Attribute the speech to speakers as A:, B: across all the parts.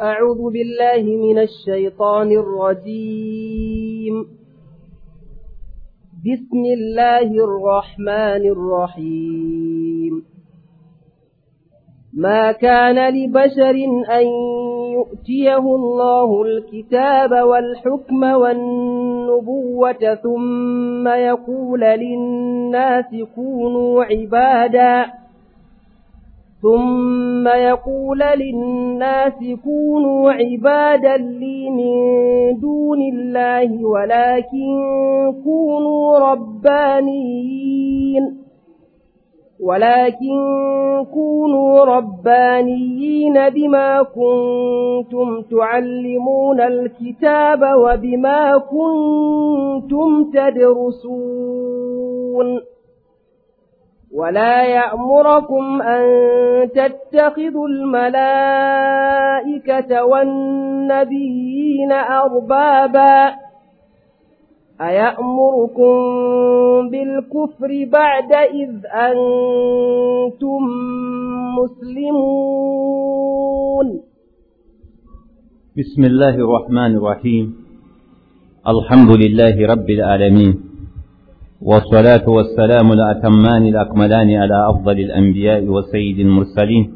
A: أعوذ بالله من الشيطان الرجيم بسم الله الرحمن الرحيم ما كان لبشر أن يؤتيه الله الكتاب والحكم والنبوة ثم يقول للناس كونوا عباداً ثم يقول للناس كونوا عبادا لي من دون الله ولكن كونوا ربانيين ولكن كونوا ربانيين بما كنتم تعلمون الكتاب وبما كنتم تدرسون ولا يأمركم أن تتخذوا الملائكة والنبيين أربابا أيأمركم بالكفر بعد إذ أنتم مسلمون
B: بسم الله الرحمن الرحيم الحمد لله رب العالمين والصلاة والسلام الأتمان الأكملان على أفضل الأنبياء وسيد المرسلين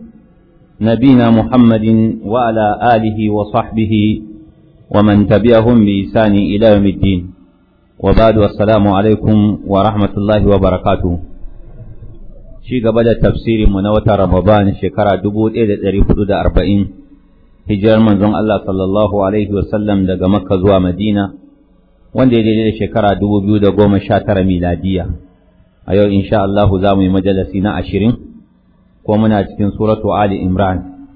B: نبينا محمد وعلى آله وصحبه ومن تبعهم بإحسان إلى يوم الدين وبعد والسلام عليكم ورحمة الله وبركاته شي قبل تفسير منوة رمضان شكرا دبود إلى الأربعين من manzon الله صلى الله عليه وسلم Makka زوى مدينة wanda ya daidai da shekara dubu biyu da goma sha tara miladiya a yau insha Allahu za mu yi majalasi na ashirin ko muna cikin suratu Ali Imran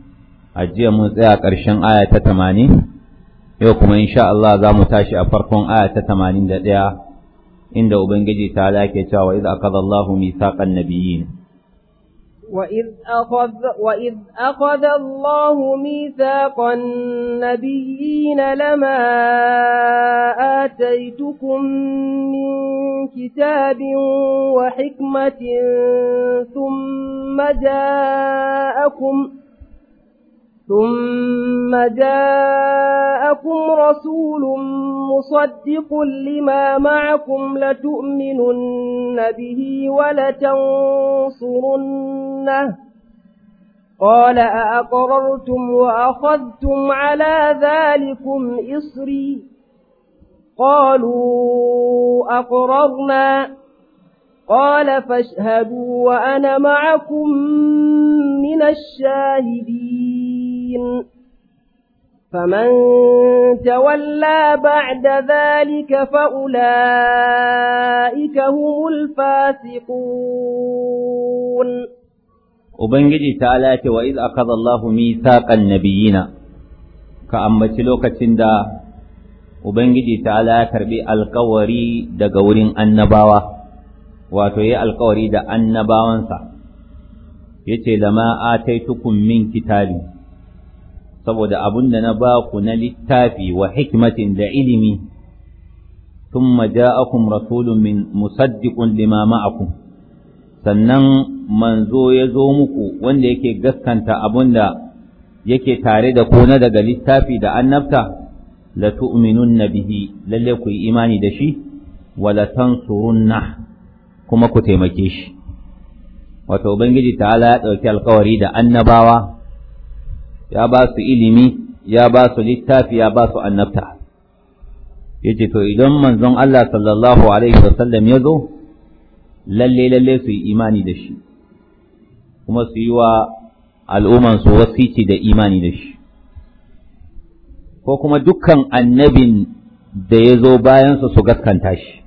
B: a jiya mun tsaya ƙarshen aya ta tamanin yau kuma insha Allah za mu tashi a farkon aya ta tamanin da ɗaya inda Ubangiji ta lake cewa idan akadallahu mithaqan nabiyyin
A: وإذ أخذ, وإذ أخذ الله ميثاق النبيين لما آتيتكم من كتاب وحكمة ثم جاءكم ثم جاءكم رسول مصدق لما معكم لتؤمنن به ولتنصرنه قال أأقررتم وأخذتم على ذلكم إصري قالوا أقررنا قال فاشهدوا وأنا معكم من الشاهدين فمن تولى بعد ذلك فأولئك هم الفاسقون
B: وبنجي تعالى وإذ أخذ الله ميثاق النبيين كأما تلوك تندا وبنجي تعالى تربي القوري دا قورين النباوة واتوي القوري دا النباوانسا يتي لما آتيتكم من كتابي saboda abun da na ba ku na littafi wa hikmatin da ilimi tun ja'akum rasulun min musaddiqun lima ma'akum sannan manzo ya zo muku wanda yake gaskanta abun da yake tare da ku na daga littafi da annabta la na bihi lalle ku yi imani da shi wa la kuma ku taimake shi wato ubangiji ta'ala ya ɗauki alkawari da annabawa ya ba su ilimi ya ba su littafi ya ba su annabta yace to idan manzon Allah sallallahu alaihi wasallam ya zo lalle lalle su yi imani da shi kuma su yi wa al'umman su wasici da imani da shi ko kuma dukkan annabin da ya zo bayansa su gaskanta shi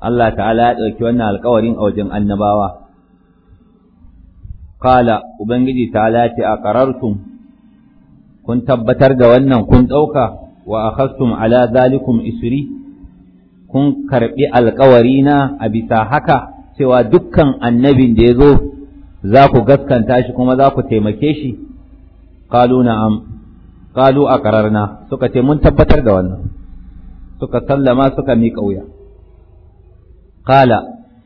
B: Allah ta'ala ya ɗauki wannan alkawarin a wajen annabawa Kala, Ubangiji ta lati a ƙarartum, kun tabbatar da wannan kun ɗauka wa akhastum ala zalikum isuri kun karɓi alkawarina a bisa haka cewa dukkan annabin da ya zo za ku gaskanta shi kuma za ku taimake shi, kalu na'am, kalu a ƙararna suka ce mun tabbatar da wannan, suka sallama suka miƙa wuya. Kala,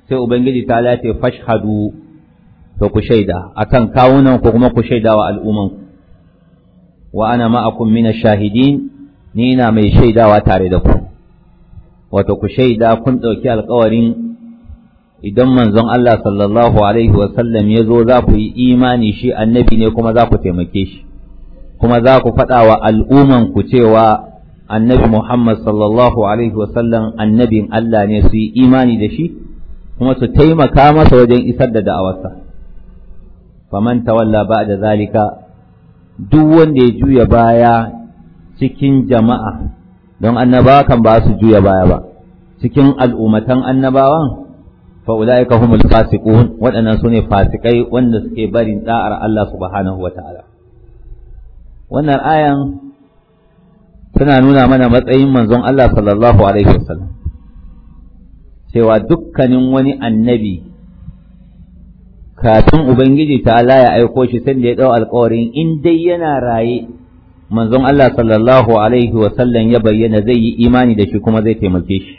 B: sai Ubangiji ta lati fashhadu to ku shaida akan kawunan ku kuma ku shaida wa al'umman wa ana ma'akum min shahidin ni na mai shaidawa tare da ku wato ku shaida kun ɗauki alƙawarin idan manzon Allah sallallahu alaihi wa sallam ya zo za ku yi imani shi annabi ne kuma za ku taimake shi kuma za ku faɗa wa al'umman ku cewa annabi Muhammad sallallahu alaihi wa sallam annabin Allah ne su yi imani da shi kuma su taimaka masa wajen isar da da'awarsa faman tawalla da zalika duk wanda ya juya baya cikin jama'a don annabawa kan ba su juya baya ba cikin al'ummatan annabawan fa ulaika humul fasiqun waɗannan sune fasikai wanda suke barin da'ar Allah subhanahu wataala wannan ayan tana nuna mana matsayin manzon Allah sallallahu alaihi wasallam cewa dukkanin wani annabi kafin ubangiji ta Allah ya aiko shi sai da ya dau alkawarin in dai yana raye manzon Allah sallallahu alaihi wa sallam ya bayyana zai yi imani da shi kuma zai taimake shi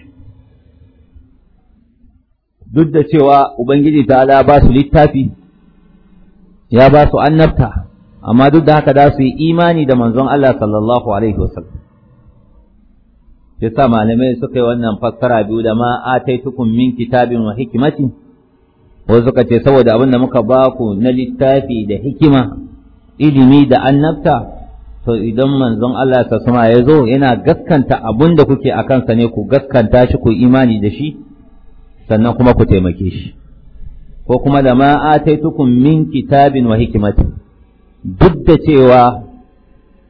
B: duk da cewa ubangiji ta Allah ba su littafi ya ba su annabta amma duk da haka za su yi imani da manzon Allah sallallahu alaihi wa sallam sa malamai suka yi wannan fassara biyu da ma min kitabin wa hikmatin wasu suka ce saboda abin da muka ba ku na littafi da hikima ilimi da annabta to idan manzon Allah ta sama ya zo yana gaskanta abin da kuke a kansa ne ku gaskanta shi ku imani da shi sannan kuma ku taimake shi ko kuma da ma tukun min kitabin wa hikimati duk da cewa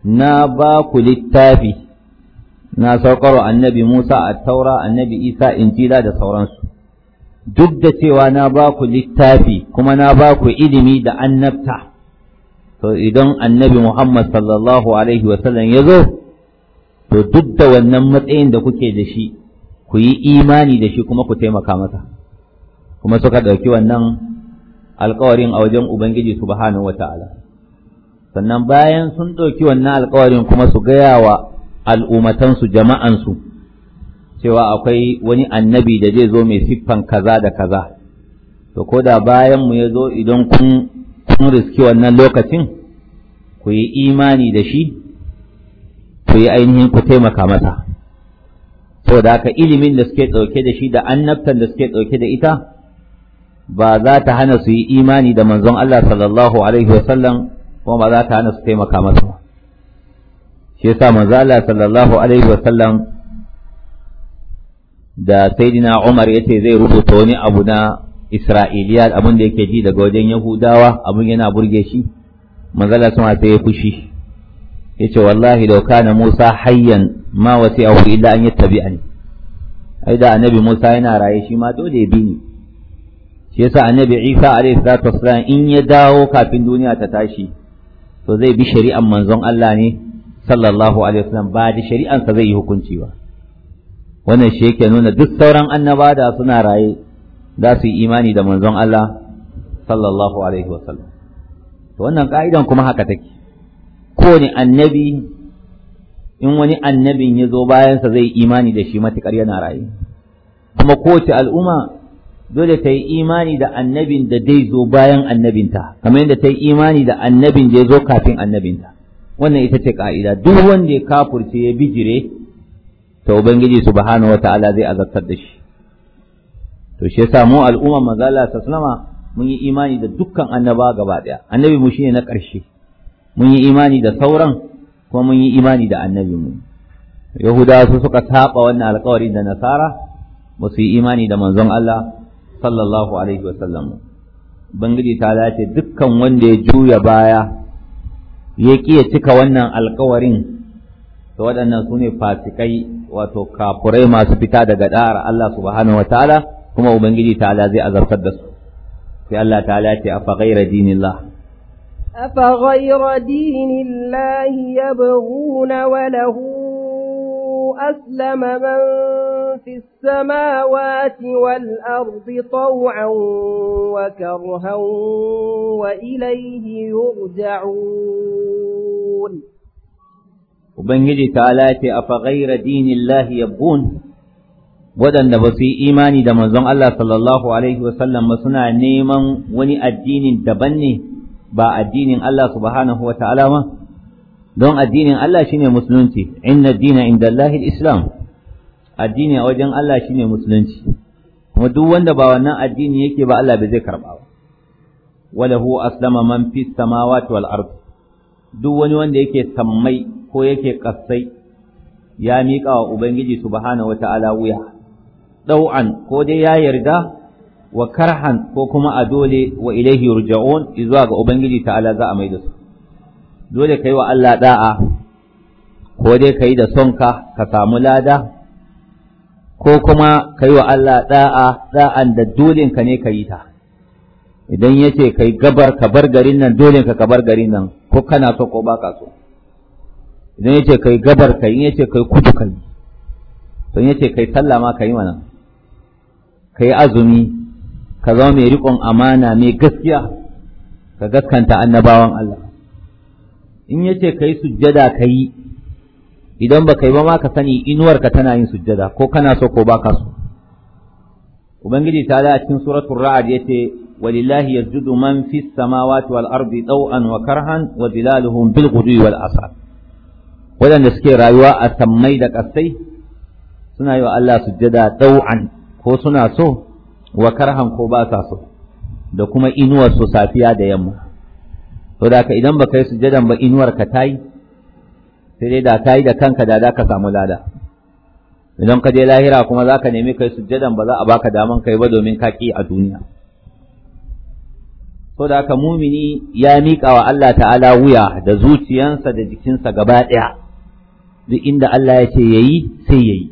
B: na ba ku littafi na saukar annabi Musa a taura annabi Isa injila da sauransu duk da cewa na ba ku littafi kuma na ba ku ilimi da annabta to idan annabi Muhammad sallallahu alaihi wasallam ya zo to duk da wannan matsayin da kuke da shi ku yi imani da shi kuma ku taimaka masa kuma suka ɗauki wannan alkawarin a wajen Ubangiji subhanahu Ta'ala. sannan bayan sun ɗauki wannan alkawarin kuma su gaya wa al'umatansu jama'ansu cewa akwai wani annabi da zai zo mai siffan kaza da kaza to ko da bayan mu ya zo idan kun kun riski wannan lokacin ku yi imani da shi ku yi ainihin ku taimaka masa to da haka ilimin da suke ɗauke da shi da annabtan da suke ɗauke da ita ba za ta hana su yi imani da manzon Allah sallallahu alaihi wasallam kuma ba za ta hana su taimaka masa shi yasa manzon Allah sallallahu alaihi wasallam da Sayyidina Umar yace zai rubuta wani abu na Isra'iliya abin da yake ji daga wajen Yahudawa abin yana burge shi manzala suna sai ya fushi yace wallahi law kana Musa hayyan ma wasi'ahu illa an yattabi'ani ai da annabi Musa yana raye shi ma dole bi ni shi yasa annabi Isa alaihi salatu wassalam in ya dawo kafin duniya ta tashi to zai bi shari'an manzon Allah ne sallallahu alaihi wasallam ba da shari'ansa zai yi hukunci ba wannan shi yake nuna duk sauran annaba da suna raye za su yi imani da manzon Allah sallallahu alaihi wasallam to wannan ka'idan kuma haka take kowane annabi in wani annabin ya zo bayansa zai imani da shi matuƙar yana raye kuma kowace al'umma dole ta yi imani da annabin da dai zo bayan annabinta kamar yadda ta yi imani da annabin da ya zo kafin annabinta wannan ita ce ka'ida duk wanda ya kafurce ya bijire ta ubangiji subhanahu wataala zai azabtar da shi to shi yasa mu al'umma ta sunama mun yi imani da dukkan annaba gaba ɗaya annabi mu shine na ƙarshe mun yi imani da sauran kuma mun yi imani da annabi mu yahudawa su suka saba wannan alkawari da nasara ba su yi imani da manzon Allah sallallahu alaihi sallam. bangiji ta dace dukkan wanda ya juya baya ya ƙi ya cika wannan alƙawarin to waɗannan su ne fasikai wato kafurai masu fita daga ɗara Allah subhanahu wataala kuma ubangiji ta'ala zai azabtar da su sai Allah ta'ala ce afa ghaira dinillah
A: afa ghaira dinillah yabghuna wa lahu aslama man fi samawati wal ardi taw'an wa karhan wa ilayhi yurja'un
B: ubangiji ta ce a faghayra dinillahi yabgun waɗanda ba su yi imani da manzon Allah sallallahu alaihi wasallam ba suna neman wani addinin daban ne ba addinin Allah subhanahu wa ta'ala ma don addinin Allah shi ne musulunci inna dina inda lahi islam addini a wajen Allah shi ne musulunci kuma duk wanda ba wannan addini yake ba Allah bai zai karba ba walahu aslama man fi samawati wal ard duk wani wanda yake sammai ko yake kasai ya miƙa wa ubangiji subhanahu wata'ala wuya Ɗau'an ko dai ya yarda wa karhan ko kuma a dole wa ilaihi yurja'un zuwa ga ubangiji ta'ala za a mai da su dole kai wa Allah da'a ko dai kai da sonka ka samu lada ko kuma ka yi wa Allah ɗa'a ɗa'an da dolenka ne ka yi ta idan yace ce ka yi gabar ka bar garin nan dolenka ka bar garin nan ko kana so ko baka so idan ce kai gabar kai in ce kai kudu kai to in ce kai sallah ma kai mana kai azumi ka zama mai riƙon amana mai gaskiya ka gaskanta annabawan Allah in ya ce ka yi sujjada ka yi, idan ba ka yi ba ma ka sani inuwar ka tana yin sujjada ko kana so ko ba ka so ubangiji ta a cikin suratul ra'd yace ولله يسجد من في السماوات والأرض طوعا وكرها وظلالهم بالغدو والأصال waɗanda suke rayuwa a sammai da ƙasai suna yi wa Allah jada ɗau'an ko suna so wa karhan ko ba sa so da kuma inuwar su safiya da yamma to da ka idan baka su sujjadan ba inuwar ka tayi sai dai da tayi da kanka da za ka samu lada idan ka je lahira kuma za ka nemi kai sujjadan ba za a baka daman kai ba domin ka ƙi a duniya To da haka mumini ya miƙa wa Allah ta'ala wuya da zuciyansa da jikinsa gaba ɗaya duk inda Allah ya ce ya yi sai ya yi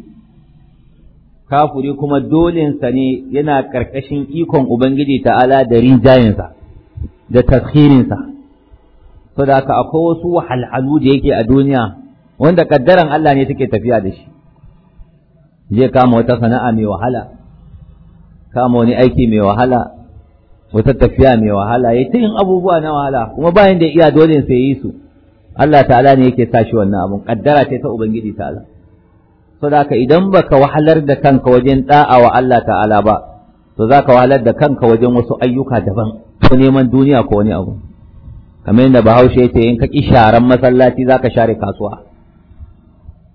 B: kafuri kuma dolensa ne yana ƙarƙashin ikon Ubangiji ta'ala da rinjayensa da taskirinsa, so da aka akwai wasu wahalhalu da yake a duniya wanda ƙaddaran Allah ne take tafiya da shi, zai kama wata sana'a mai wahala, kama wani aiki mai wahala, wata tafiya mai wahala, ya ta yin abubuwa na wahala, kuma bayan da iya dolensa ya yi su, Allah ta'ala ne yake sa shi wannan abun kaddara ce ta ubangiji ta'ala So, da ka idan baka wahalar da kanka wajen da'a wa Allah ta'ala ba to zaka wahalar da kanka wajen wasu ayyuka daban ko neman duniya ko wani abu kamar yadda Bahaushe yake in ka ki masallaci zaka share kasuwa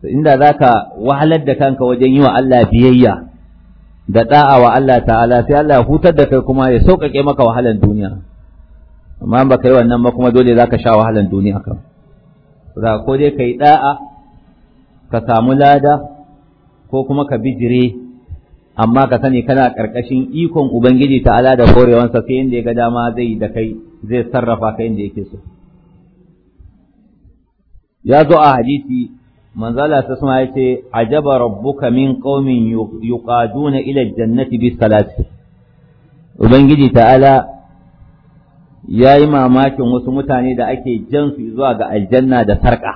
B: to inda zaka wahalar da kanka wajen yi wa Allah biyayya da da'a wa Allah ta'ala sai Allah ya hutar da kai kuma ya sauƙaƙe maka wahalan duniya amma ba kai wannan ba kuma dole za ka sha wahalan duniya kan za ko dai ka yi ɗa'a ka samu lada ko kuma ka bijire amma ka sani kana ƙarƙashin ikon ubangiji ta'ala da korewansa sai yadda ya ga dama zai da kai zai sarrafa ka inda yake so ya zo a hadisi manzala ta suma ya ce ajaba rabbuka min qaumin yuqaduna ila jannati bis salati ubangiji ta'ala ya yi mamakin wasu mutane da ake jan su zuwa ga aljanna da sarƙa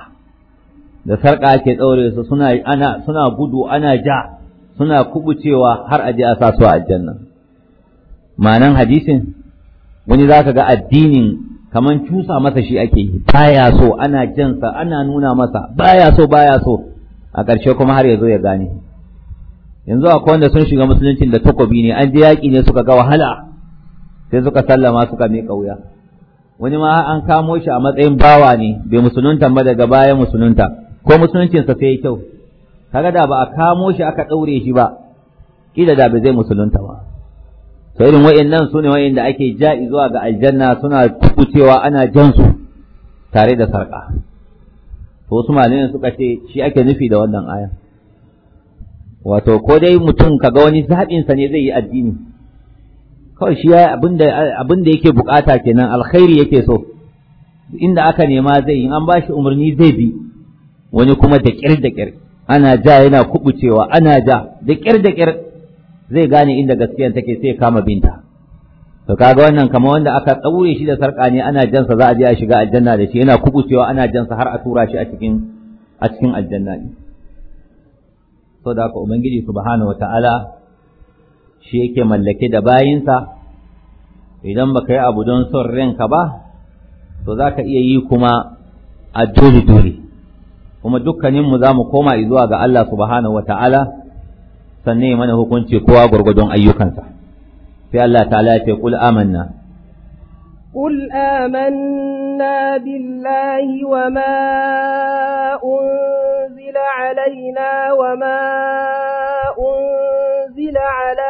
B: da sarƙa ake tsaure su suna ana suna gudu ana ja suna kubucewa har a je a sa su a aljanna ma'anan hadisin wani za ka ga addinin kaman cusa masa shi ake yi baya so ana jansa ana nuna masa baya so baya so a ƙarshe kuma har ya zo ya gane yanzu akwai wanda sun shiga musuluncin da takobi ne an je yaƙi ne suka ga wahala sai suka sallama suka miƙa wuya wani ma an kamo shi a matsayin bawa ne bai musulunta ba daga baya musulunta ko musuluncinsa sai ya kyau kaga da ba a kamo shi aka ɗaure shi ba ƙila da ba zai musulunta ba to irin wa'annan su ne wa'anda ake ja'i zuwa ga aljanna suna kucewa ana jan su tare da sarƙa to wasu ne suka ce shi ake nufi da wannan aya wato ko dai mutum kaga wani zaɓinsa ne zai yi addini kawai shi abin da yake bukata kenan alkhairi yake so inda aka nema zai yi an bashi umarni zai bi wani kuma da kyar da kyar ana ja yana kubucewa ana ja da kyar da kyar zai gane inda gaskiyar take sai kama binta to kaga wannan kamar wanda aka tsaure shi da sarka ne ana jansa za a je a shiga aljanna da shi yana kubucewa ana jansa har a tura shi a cikin a cikin aljanna ne saboda haka ubangiji subhanahu wataala shi yake mallake da bayinsa idan ba ka yi abu don son ranka ba to za ka iya yi kuma a dole-dole kuma dukkaninmu za mu koma zuwa ga Allah subhanahu ta'ala), sannan yi mana hukunci kowa gwargwadon ayyukansa sai Allah ta ce kul amanna
A: قل آمنا بالله وما أنزل علينا وما أنزل على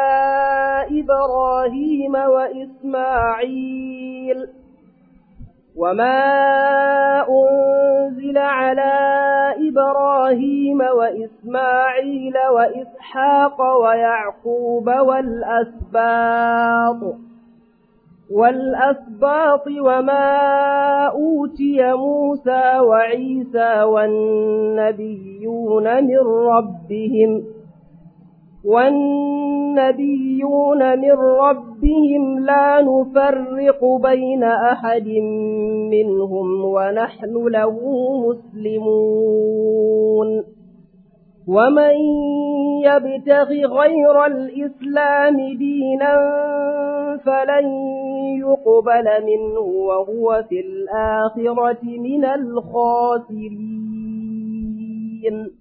A: إبراهيم وإسماعيل وما أنزل على إبراهيم وإسماعيل وإسحاق ويعقوب والأسباط والأسباط وما أوتي موسى وعيسى والنبيون من ربهم والنبيون من ربهم لا نفرق بين أحد منهم ونحن له مسلمون ومن يبتغ غير الإسلام دينا فلن يقبل منه وهو في الآخرة من الخاسرين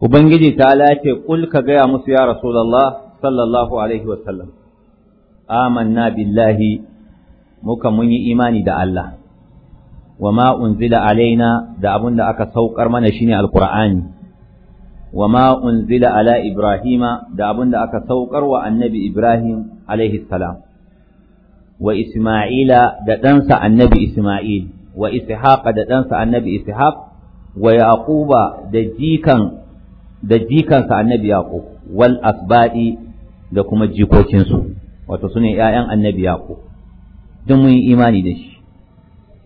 B: ubangiji ta lace kul ka gaya musu ya rasulullah sallallahu alaihi wasallam amanna billahi muka mun yi imani da Allah wa ma unzila alaina da abin da aka saukar mana shine alqur'ani wa ma unzila ala ibrahima da abin da aka saukar wa annabi ibrahim alaihi salam wa isma'ila da ɗansa annabi isma'il wa ishaqa da ɗansa annabi ishaq wa yaquba da jikan da jikansa annabi yaqub wal asbadi da kuma jikokinsu wato sune 'ya'yan annabi yaqub duk mun yi imani da shi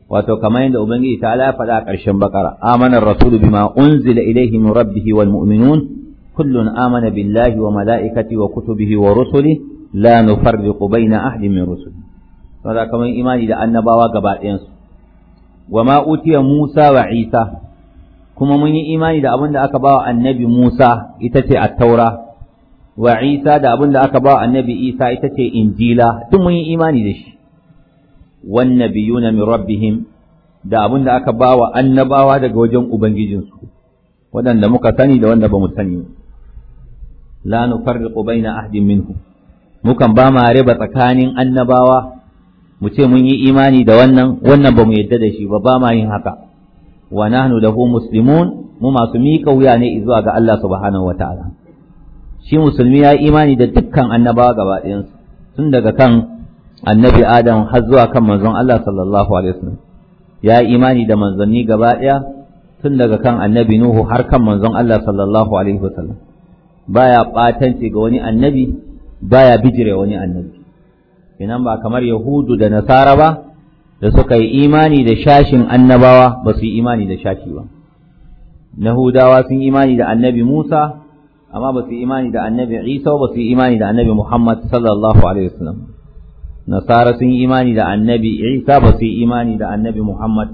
B: wato kamar yadda ubangiji ta ala faɗa ƙarshen bakara amana rasulu bima unzila ilaihi min rabbih wal mu'minun kullun amana billahi wa malaikati wa kutubihi wa rusuli la nufarriqu baina ahadin min rusuli saboda kamar imani da annabawa gaba ɗayansu wa ma utiya musa wa isa kuma mun yi imani da abin da aka ba wa annabi Musa ita ce attaura wa Isa da abin da aka ba wa annabi Isa ita ce injila duk mun yi imani da shi wan nabiyuna min rabbihim da abin da aka ba wa annabawa daga wajen ubangijinsu waɗanda muka sani da wanda ba mu sani la nufarriqu baina ahdin minhum mukan ba ma riba tsakanin annabawa mu ce mun yi imani da wannan wannan ba mu yadda da shi ba ba ma yin haka wa nahnu lahu muslimun mu masu miƙa wuya ne zuwa ga Allah subhanahu wataala shi musulmi ya imani da dukkan annabawa gaba ɗayansu tun daga kan annabi Adam har zuwa kan manzon Allah sallallahu alaihi wasallam ya imani da manzanni gaba ɗaya tun daga kan annabi Nuhu har kan manzon Allah sallallahu alaihi wasallam baya batanci ga wani annabi baya bijire wani annabi inan ba kamar yahudu da nasara ba da suka yi imani da shashin annabawa ba su yi imani da shashi ba nahudawa sun imani da annabi musa amma ba su yi imani da annabi isa ba su yi imani da annabi muhammad sallallahu alaihi wasallam nasara sun yi imani da annabi isa ba su yi imani da annabi muhammad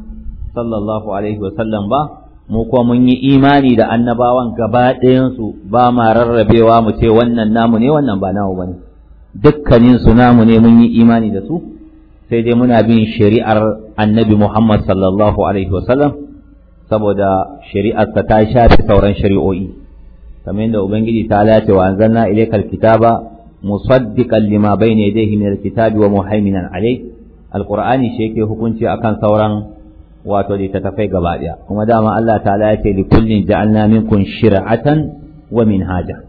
B: sallallahu alaihi wasallam ba mu kuwa mun yi imani da annabawan gaba ɗayansu ba ma rarrabewa mu ce wannan namu ne wannan ba namu ba ne dukkaninsu namu ne mun yi imani da su sai dai muna bin shari'ar annabi Muhammad sallallahu alaihi wasallam saboda shari'arsa ta shafi sauran shari'o'i kamar yadda ubangiji ta lace wa anzalna kitaba musaddiqan lima bayna yadayhi min alkitabi wa muhaiminan alayh alqur'ani shi yake hukunci akan sauran wato littattafai gaba daya kuma dama Allah ta'ala ya ce li kullin ja'alna minkum shir'atan wa minhaja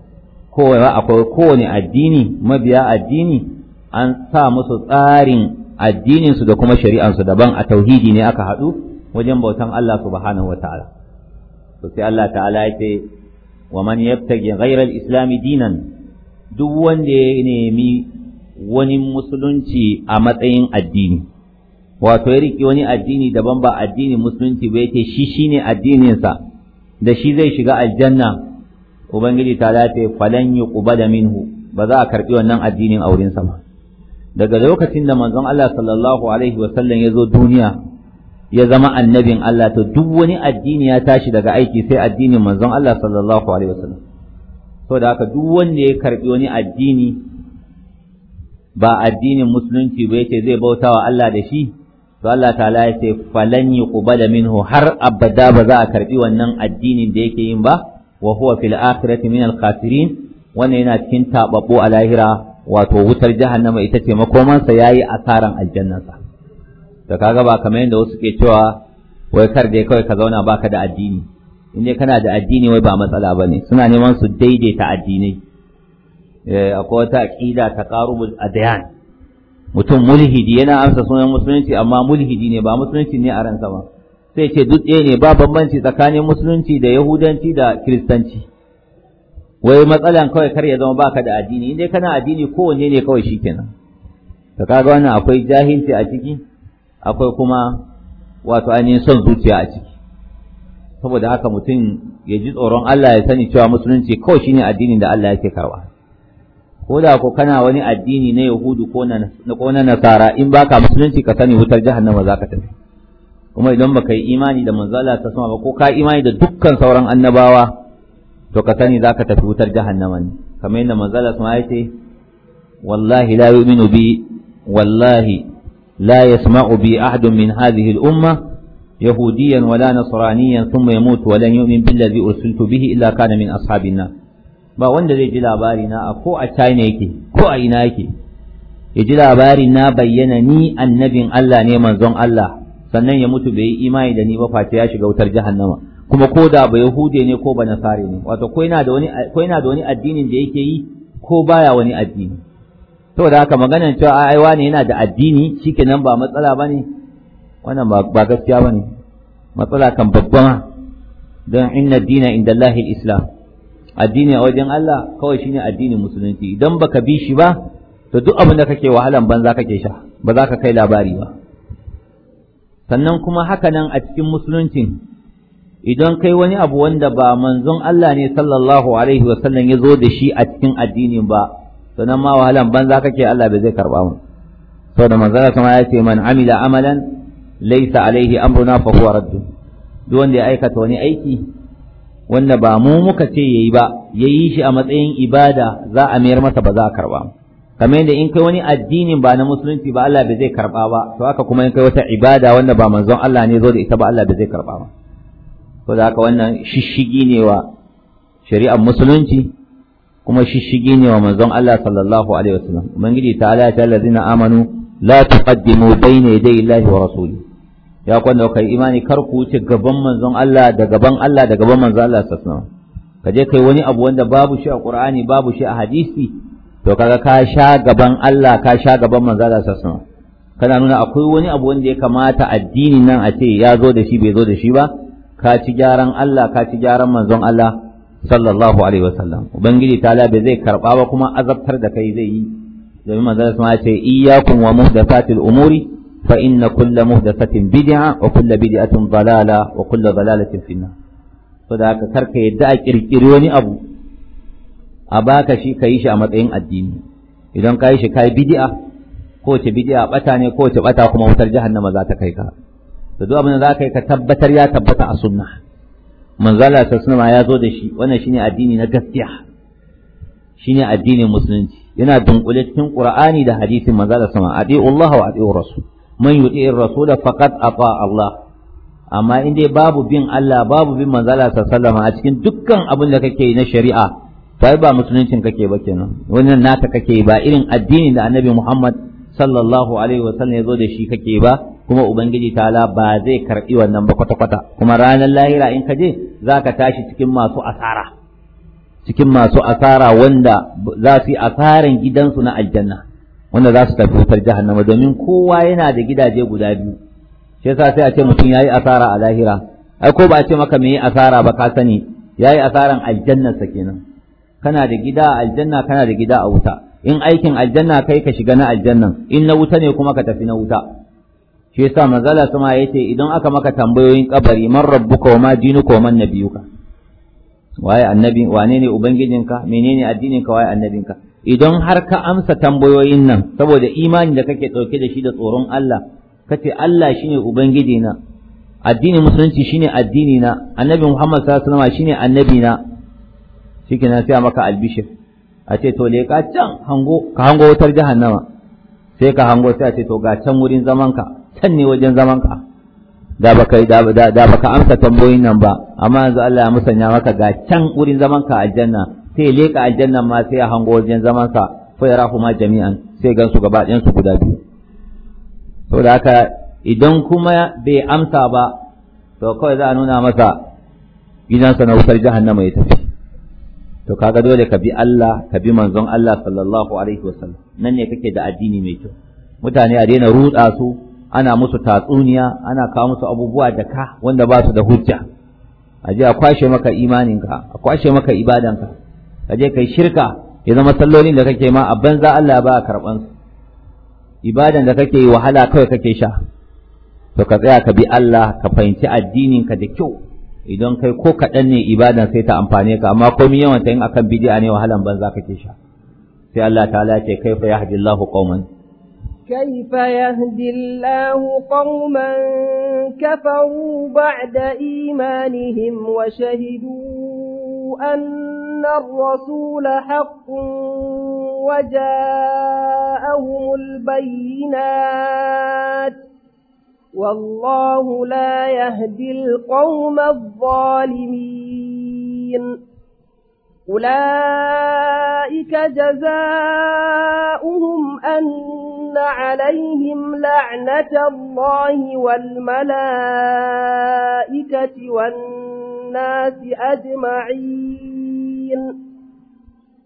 B: kowa akwai kowane addini mabiya addini an sa musu tsarin addininsu da kuma shari'ansu daban a tauhidi ne aka haɗu wajen bautan Allah subhanahu wata'ala to sai Allah ta'ala ya ce wa man yabtagi ghayra al-islam dinan duk wanda ya nemi wani musulunci a matsayin addini wato ya riki wani addini daban ba addinin musulunci ba yake shi shine addininsa da shi zai shiga aljanna ubangiji ta ce falan da minhu ba za a karbi wannan addinin aurensa ba daga lokacin da manzon Allah sallallahu alaihi wasallam ya zo duniya ya zama annabin Allah to duk wani addini ya tashi daga aiki sai addinin manzon Allah sallallahu alaihi wasallam saboda haka duk wanda ya karbi wani addini ba addinin musulunci ba yace zai bauta wa Allah da shi to Allah ta'ala ya ce falan yuqbala minhu har abada ba za a karbi wannan addinin da yake yin ba wa huwa fil akhirati minal khasirin wannan yana cikin tababbo a lahira wato wutar jahannama ita ce makomansa ya yi asaran aljannansa da kaga ba kamar yadda wasu ke cewa wai kar dai kawai ka zauna baka da addini in dai kana da addini wai ba matsala bane suna neman su daidaita addinai eh, akwai wata aƙida ta a adyan mutum mulhidi yana amsa sunan musulunci amma mulhidi ne ba musulunci ne a ransa ba sai ce duk ɗaya ne ba bambanci tsakanin musulunci da yahudanci da kiristanci wai matsalan kawai kar ya zama baka da addini In indai kana addini kowanne ne kawai shikenan to kaga wannan akwai jahilci a ciki akwai kuma wato ainihin son zuciya a ciki saboda haka mutum ya ji tsoron Allah ya sani cewa musulunci kawai shine addinin da Allah yake karwa ko da ko kana wani addini na yahudu ko na ko na nasara in baka musulunci ka sani wutar jahannama zaka tafi kuma idan baka yi imani da manzala ta sama ba ko ka imani da dukkan sauran annabawa to ka sani za ka tafi wutar jahannama ne kamar yadda manzala su ya ce wallahi la yu'minu bi wallahi la yasma'u bi ahadun min hadhihi al-umma yahudiyan wala nasraniyan thumma yamut wa lan yu'min billazi ursiltu bihi illa kana min ashabin ba wanda zai ji labari na a ko a China yake ko a ina yake ya ji labari na bayyana ni annabin Allah ne manzon Allah sannan ya mutu bai yi imani da ni ba face ya shiga wutar jahannama kuma ko da ba yahude ne ko ba nasare ne wato ko yana da wani addinin da yake yi ko baya wani addini saboda haka maganar cewa ai wani yana da addini nan ba matsala bane wannan ba gaskiya bane matsala kan babban don inna dina inda Allahi islam addini a wajen Allah kawai shine addinin musulunci idan baka bi shi ba to duk abin da kake wahalan banza kake sha ba za ka kai labari ba sannan kuma haka nan a cikin musuluncin idan kai wani abu wanda ba manzon Allah ne sallallahu alaihi wasallam ya zo da shi a cikin addinin ba to nan ma wahalan banza kake Allah bai zai karba mu saboda manzon kuma ya ce man amila amalan laysa alaihi amruna fa huwa radd duk wanda ya aikata wani aiki wanda ba mu muka ce yayi ba yayi shi a matsayin ibada za a mayar masa ba za a karba kamar yadda in kai wani addinin ba na musulunci ba Allah bai zai karba ba to haka kuma in kai wata ibada wanda ba manzon Allah ne zo da ita ba Allah bai zai karba ba to da haka wannan shishigi ne wa shari'ar musulunci kuma shishigi ne wa manzon Allah sallallahu alaihi wasallam ubangiji ta'ala ya talla zina amanu la tuqaddimu bayna yaday Allahi wa rasuli ya kwanda kai imani kar ku wuce gaban manzon Allah da gaban Allah da gaban manzon Allah sallallahu alaihi wasallam kaje kai wani abu wanda babu shi a Qur'ani babu shi a hadisi to kaga ka sha gaban Allah ka sha gaban manzon Allah sallallahu alaihi wasallam kana nuna akwai wani abu wanda ya kamata addinin nan a ce ya zo da shi bai zo da shi ba ka ci gyaran Allah ka ci gyaran manzon Allah sallallahu alaihi wasallam ubangiji ta'ala bai zai karba ba kuma azabtar da kai zai yi domin manzon Allah ya ce iyyakum wa muhdathatil umuri fa inna kulla muhdathatin bid'a wa kulla bid'atin dalala wa kulla dalalatin finna to haka karka yadda a kirkiri wani abu a baka shi ka yi shi a matsayin addini idan ka yi shi kai bid'a ko ce bid'a bata ne ko ce bata kuma wutar jahannama za ta kai ka da duk abin da za ka yi ka tabbatar ya tabbata a sunna manzala sallama ya zo da shi wannan shine addini na gaskiya shine addinin musulunci yana dunkule cikin qur'ani da hadisin manzala sama adi'u Allah wa adi'u rasul man yuti'ir rasul faqad ata Allah amma in dai babu bin Allah babu bin manzala sallama a cikin dukkan abin da kake yi na shari'a fa ba musuluncin kake ba kenan wannan naka kake ba irin addinin da annabi Muhammad sallallahu alaihi wa sallam, ya zo da shi kake ba kuma ubangiji ta ba zai karɓi wannan ba kwata kwata kuma ranar lahira in ka je zaka tashi cikin masu asara cikin masu asara wanda za su yi asaran gidansu na aljanna wanda za su tafi wutar jahannama domin kowa yana da gidaje guda biyu shi yasa sai a ce mutum yi asara a lahira ai ko ba a ce maka me yi asara ba ka sani yayi asaran aljannarsa kenan kana da gida a aljanna kana da gida a wuta in aikin aljanna kai ka shiga na aljannan in na wuta ne kuma ka tafi na wuta shi yasa manzala sama yace idan aka maka tambayoyin kabari man rabbuka wa ma dinuka wa man nabiyuka waye annabi wane ne ubangijinka menene addininka waye annabinka idan har ka amsa tambayoyin nan saboda imani da kake dauke da shi da tsoron Allah kace Allah shine ubangijina na addinin musulunci shine addini na annabi Muhammad sallallahu alaihi wasallam shine annabi na shikenan sai maka albishir a ce to leka can hango ka hango wutar jahannama sai ka hango sai a ce to ga can wurin zamanka can ne wajen zamanka da baka da baka amsa tambayoyin nan ba amma yanzu Allah ya musanya maka ga can wurin zamanka aljanna sai leka aljanna ma sai a hango wajen zamansa fa yarahu ma jami'an sai gan su gaba ɗayan su guda biyu saboda haka idan kuma bai amsa ba to kawai za a nuna masa gidansa na wutar jahannama ya tafi to kaga dole ka bi Allah ka bi manzon Allah sallallahu alaihi wasallam nan ne kake da addini mai kyau mutane a daina rutsa su ana musu tatsuniya ana kawo musu abubuwa da ka wanda ba su da hujja a je a kwashe maka imaninka a kwashe maka ibadanka ka je kai shirka ya zama sallolin da kake ma a banza Allah ba a su ibadan da kake yi wahala kawai kake sha to ka tsaya ka bi Allah ka fahimci addininka da kyau idan kai ko kaɗan ne ibadan sai ta amfane ka amma komai yawan ta yin akan bidi'a ne wahalan banza kake sha sai Allah ta'ala ya kai fa yahdillahu qauman
A: كيف يهدي الله قوما كفروا بعد إيمانهم وشهدوا أن الرسول حق وجاءهم البينات والله لا يهدي القوم الظالمين أولئك جزاؤهم أن عليهم لعنة الله والملائكة والناس أجمعين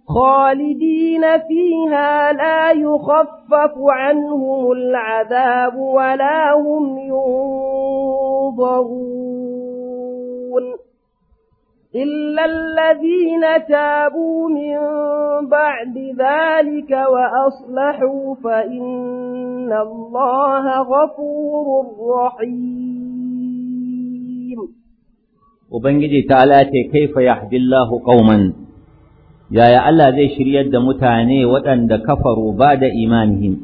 A: خالدين فيها لا يخفف عنهم العذاب ولا هم ينظرون إلا الذين تابوا من بعد ذلك وأصلحوا فإن الله غفور رحيم
B: وبنجي تعالى كيف يحدي الله قوما يا يا الله زي شريد متاني وطن دا كفروا بعد إيمانهم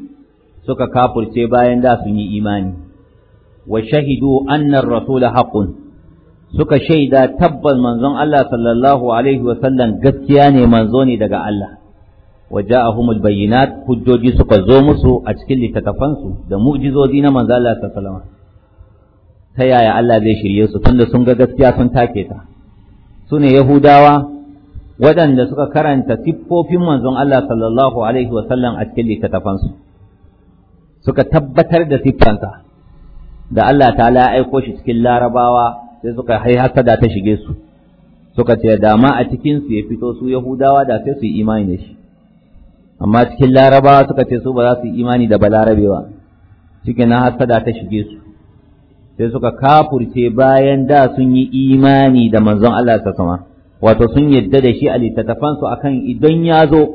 B: سوك كافر سيباين دا إيماني وشهدوا أن الرسول حقٌ suka shaida tabbas manzon Allah sallallahu alaihi wasallam gaskiya ne manzo ne daga Allah wa ja'ahumul bayyinat hujjoji suka zo musu a cikin littattafansu da mu'jizozi na manzon Allah sallallahu alaihi ta yaya Allah zai shirye su tunda sun ga gaskiya sun take ta su ne Yahudawa waɗanda suka karanta siffofin manzon Allah sallallahu alaihi wa sallam a cikin littattafansu suka tabbatar da siffansa da Allah ta ya aiko shi cikin larabawa sai suka hai hasada ta shige su suka ce da a cikinsu ya fito su yahudawa da sai su yi imani da shi amma cikin larabawa suka ce su ba za su yi imani da balarabe ba cikin na hasada ta shige su sai suka kafurce bayan da sun yi imani da manzon Allah ta sama wato sun yadda da shi a littattafansu akan idan ya zo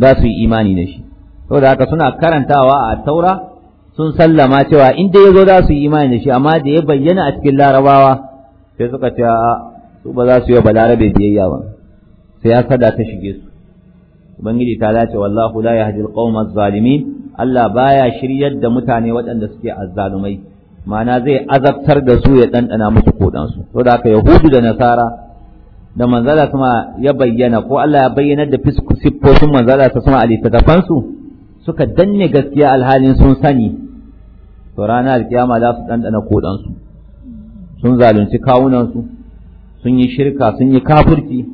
B: za su yi imani da shi saboda haka suna karantawa a taura sun sallama cewa in dai yazo za su yi imani da shi amma da ya bayyana a cikin larabawa sai suka ce a su ba za su yi wa balarabe biyayya ba sai ya sada ta shige su ubangiji ta wallahu la yahdi alqawma az Allah baya shiryar da mutane waɗanda suke azzalumai ma'ana zai azabtar da su ya dandana musu kodansu saboda haka yahudu da nasara da manzala kuma ya bayyana ko Allah ya bayyanar da siffofin manzala ta sama a littattafansu suka danne gaskiya alhalin sun sani to ranar alkiyama za su ɗanɗana koɗansu sun zalunci kawunansu sun yi shirka sun yi kafirci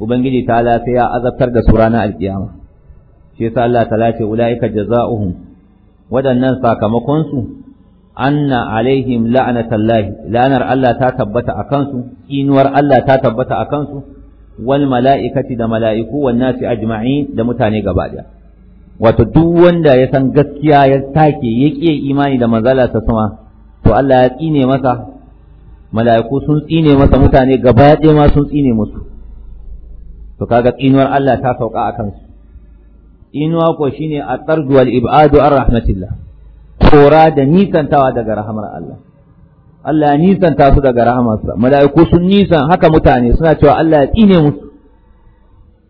B: ubangiji ta ya azabtar da su ranar alkiyama shi yasa Allah ta lafiya ula'ika jaza'uhum waɗannan sakamakonsu anna alaihim la'anatallahi la'anar Allah ta tabbata a kansu inuwar Allah ta tabbata a kansu wal mala'ikati da mala'iku wan nasi ajma'in da mutane gaba ɗaya wato duk wanda ya san gaskiya ya take ya ƙi imani da manzala ta sama to Allah ya tsine masa mala'iku sun tsine masa mutane gaba ɗaya ma sun tsine musu to kaga tsinuwar Allah ta sauka a kansu tsinuwa ko shine a tsardu wal ibadu ar rahmatillah kora da nisantawa daga rahamar Allah Allah ya nisanta su daga rahamarsa mala'iku sun nisan haka mutane suna cewa Allah ya tsine musu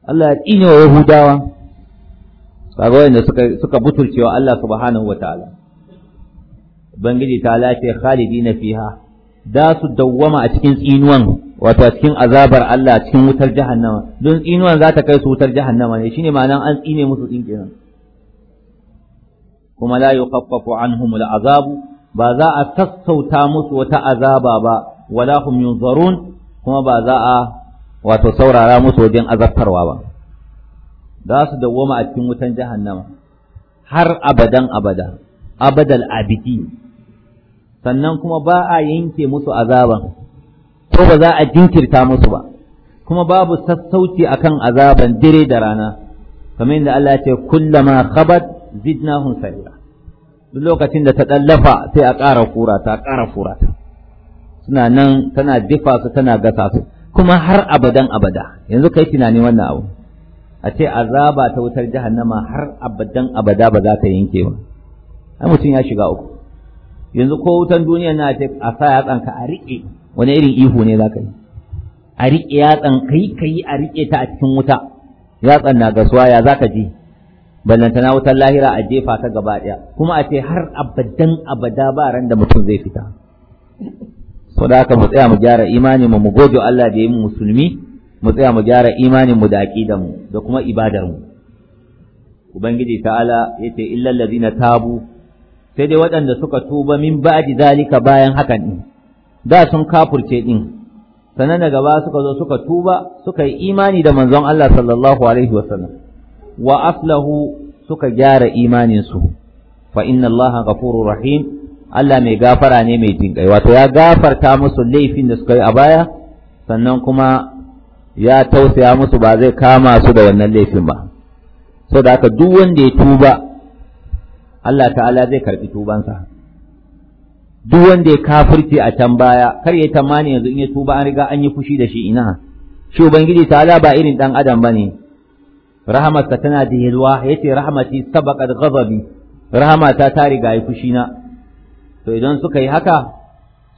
B: Allah ya tsine wa yahudawa kaga wanda suka suka buturcewa Allah subhanahu wataala ubangiji ta lace khalidina fiha da su dawwama a cikin tsinuwan wato a cikin azabar Allah a cikin wutar jahannama don tsinuwan za ta kai su wutar jahannama ne shine ma'anan an tsine musu din kenan kuma la yukhaffafu anhum al'azabu ba za a sassauta musu wata azaba ba wala hum yunzarun kuma ba za a wato saurara musu wajen azabtarwa ba za su dawwama a cikin wutan jahannama har abadan abada abadal abidi sannan kuma ba a yanke musu azaban ko ba za a jinkirta musu ba kuma babu sassauci akan azaban dire da rana kamar yadda Allah ya ce kullama khabat zidnahum sa'ira duk lokacin da ta dallafa sai a ƙara kura ta ƙara kura ta suna nan tana difa su tana gasa su kuma har abadan abada yanzu kai tunani wannan abu a ce azaba ta wutar jahannama har abadan abada ba za ka yanke ba ai mutum ya shiga uku yanzu ko wutan duniya na ce a sa ka a riƙe wani irin ihu ne za ka yi a riƙe yatsan kai kai a riƙe ta a cikin wuta yatsan na gasuwa ya za ka ji ballantana wutar lahira a jefa ta gaba ɗaya kuma a ce har abadan abada ba ran da mutum zai fita saboda haka mu tsaya mu gyara imani mu mu goge Allah da ya yi musulmi mu tsaya mu gyara imanin mu da aqidan mu da kuma ibadar mu ubangiji ta'ala yace illal ladina tabu sai dai waɗanda suka tuba min ba'di zalika bayan hakan din da sun kafurce din sanan daga ba suka zo suka tuba suka yi imani da manzon Allah sallallahu alaihi wasallam wa aslahu suka gyara imanin su fa inna Allaha ghafurur rahim Allah mai gafara ne mai jinƙai wato ya gafarta musu laifin da suka yi a baya sannan kuma ya tausaya musu ba zai kama su da wannan laifin ba so da haka duk wanda ya tuba Allah ta'ala zai karɓi tubansa duk wanda ya kafirce a can baya kar ya tamani yanzu in ya tuba an riga an yi fushi da shi ina shi ubangiji ta'ala ba irin ɗan adam ba bane rahamarsa tana da yalwa yace rahmati sabaqat ghadabi Rahama ta riga yi fushi na to idan suka yi haka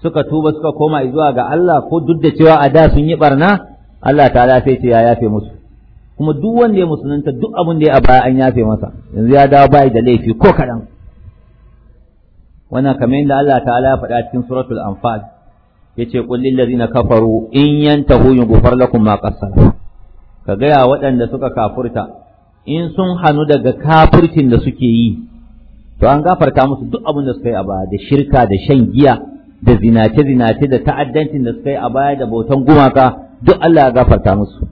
B: suka tuba suka koma zuwa ga Allah ko duk da cewa a da sun yi barna Allah ta'ala sai ce ya yafe musu kuma duk wanda ya musulunta duk abin da ya a baya an yafe masa yanzu ya dawo bai da laifi ko kaɗan wannan kamar yadda Allah ta'ala ya faɗa cikin suratul anfal yace qul lil ladina kafaru in yantahu yughfar lakum ma qassara ka gaya waɗanda suka kafurta in sun hanu daga kafurcin da suke yi to an gafarta musu duk abin da suka yi a baya da shirka da shan giya da zinace zinace da ta'addancin da suka yi a baya da bautan gumaka duk Allah ya gafarta musu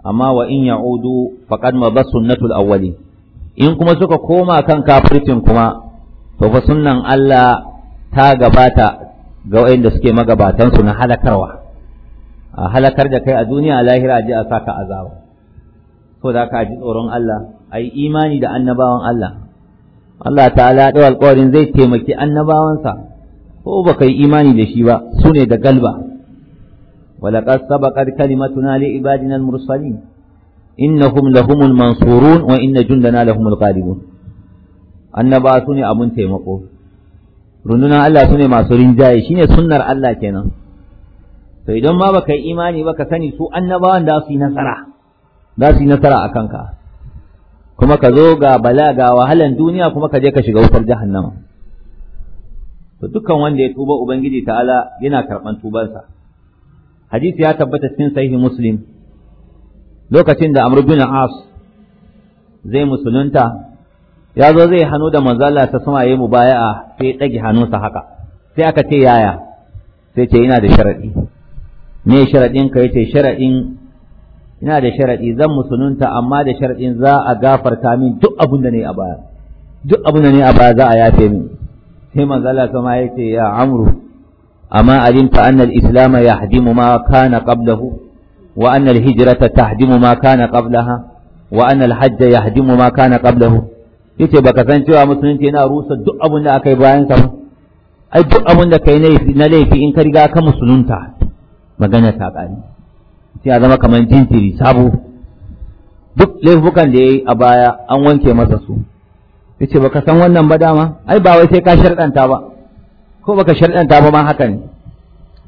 B: amma wa in ya'udu faqad ma sunnatul awwali in kuma suka koma kan kafircin kuma to fa sunnan Allah ta gabata ga wayanda suke magabatan su na halakarwa a halakar da kai a duniya lahira ji a saka azaba ko da ka ji tsoron Allah ai imani da annabawan Allah Allah ta'ala da alƙawarin zai taimaki annabawansa ko baka yi imani da shi ba su ne da galba ولقد سبقت كلمتنا لعبادنا المرسلين إنهم لهم المنصورون وإن جندنا لهم الغالبون annaba su ne abun taimako rundunar Allah su ne masu rinjaye ne sunnar Allah kenan to idan ma baka yi imani ba ka sani su annabawan da su yi nasara za su yi nasara a kanka kuma ka zo ga bala ga wahalan duniya kuma ka je ka shiga wutar jahannama to dukkan wanda ya tuba ubangiji ta'ala yana karban tubansa hadisi ya tabbata cikin sahihi muslim lokacin da amr bin as zai musulunta ya zo zai hannu da manzala ta sama mu baya'a. sai ya ɗage hannunsa haka sai aka ce yaya sai ce ina da sharadi me sharadin ka yace sharadin ina da sharadi zan musulunta amma da sharadin za a gafarta min duk abin da ne a baya duk abin da ne a baya za a yafe min sai manzala sama yace ya amru Amma أما علمت أن الإسلام يهدم ما كان قبله وأن الهجرة تهدم ما كان قبلها وأن الحج يهدم ما كان قبله yace baka san cewa musulunci yana rusa duk abin da aka yi bayan sa ai duk abin da kai na laifi in ka riga ka musulunta magana ta kare sai a zama kamar jintiri sabo duk laifukan da yayi a baya an wanke masa su yace baka san wannan ba dama ai ba wai sai ka sharɗanta ba ko baka sharɗanta ba ma haka ne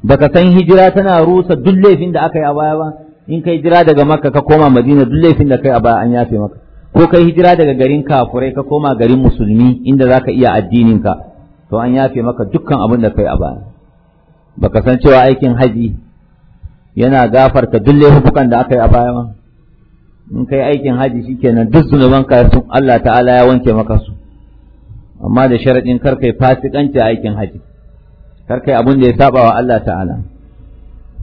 B: baka san hijira tana rusa duk laifin da aka yi a baya ba in kai hijira daga makka ka koma madina duk laifin da kai a baya an yafe maka ko kai hijira daga garin kafurai ka koma garin musulmi inda zaka iya addinin ka to an yafe maka dukkan abin da kai a baya baka san cewa aikin haji yana gafarta duk laifukan da aka yi a baya ba in kai aikin haji shikenan duk zunuban ka sun Allah ta'ala ya wanke maka su amma da sharadin kar kai fasikanci aikin haji kar kai abin da ya saba wa Allah ta'ala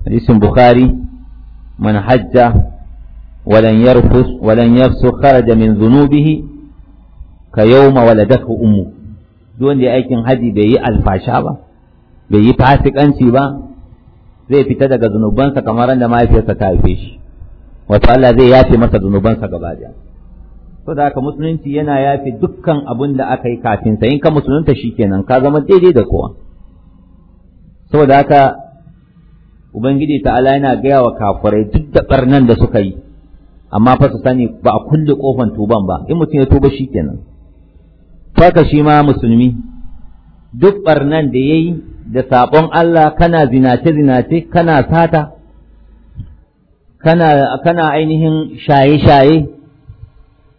B: hadisin bukhari man hajja ولن يرفث ولن يفسق خرج من ذنوبه كيوم ولدته امه دون da aikin haji bai yi alfasha ba bai yi fasikanci ba zai fita daga zunubansa kamar da mahaifiyarsa ta haife shi wato Allah zai yafe masa zunubansa gaba daya to da haka musulunci yana yafe dukkan abin da aka yi kafin sa in ka musulunta shikenan ka zama daidai da kowa saboda haka ubangiji ta'ala yana gaya wa kafirai duk da barnan da suka yi amma fa su sani ba a kulle kofan tuban ba in mutum ya tuba shikenan ka shi ma musulmi duk barnan da yayi da sabon Allah kana zinace zinace kana sata kana kana ainihin shaye shaye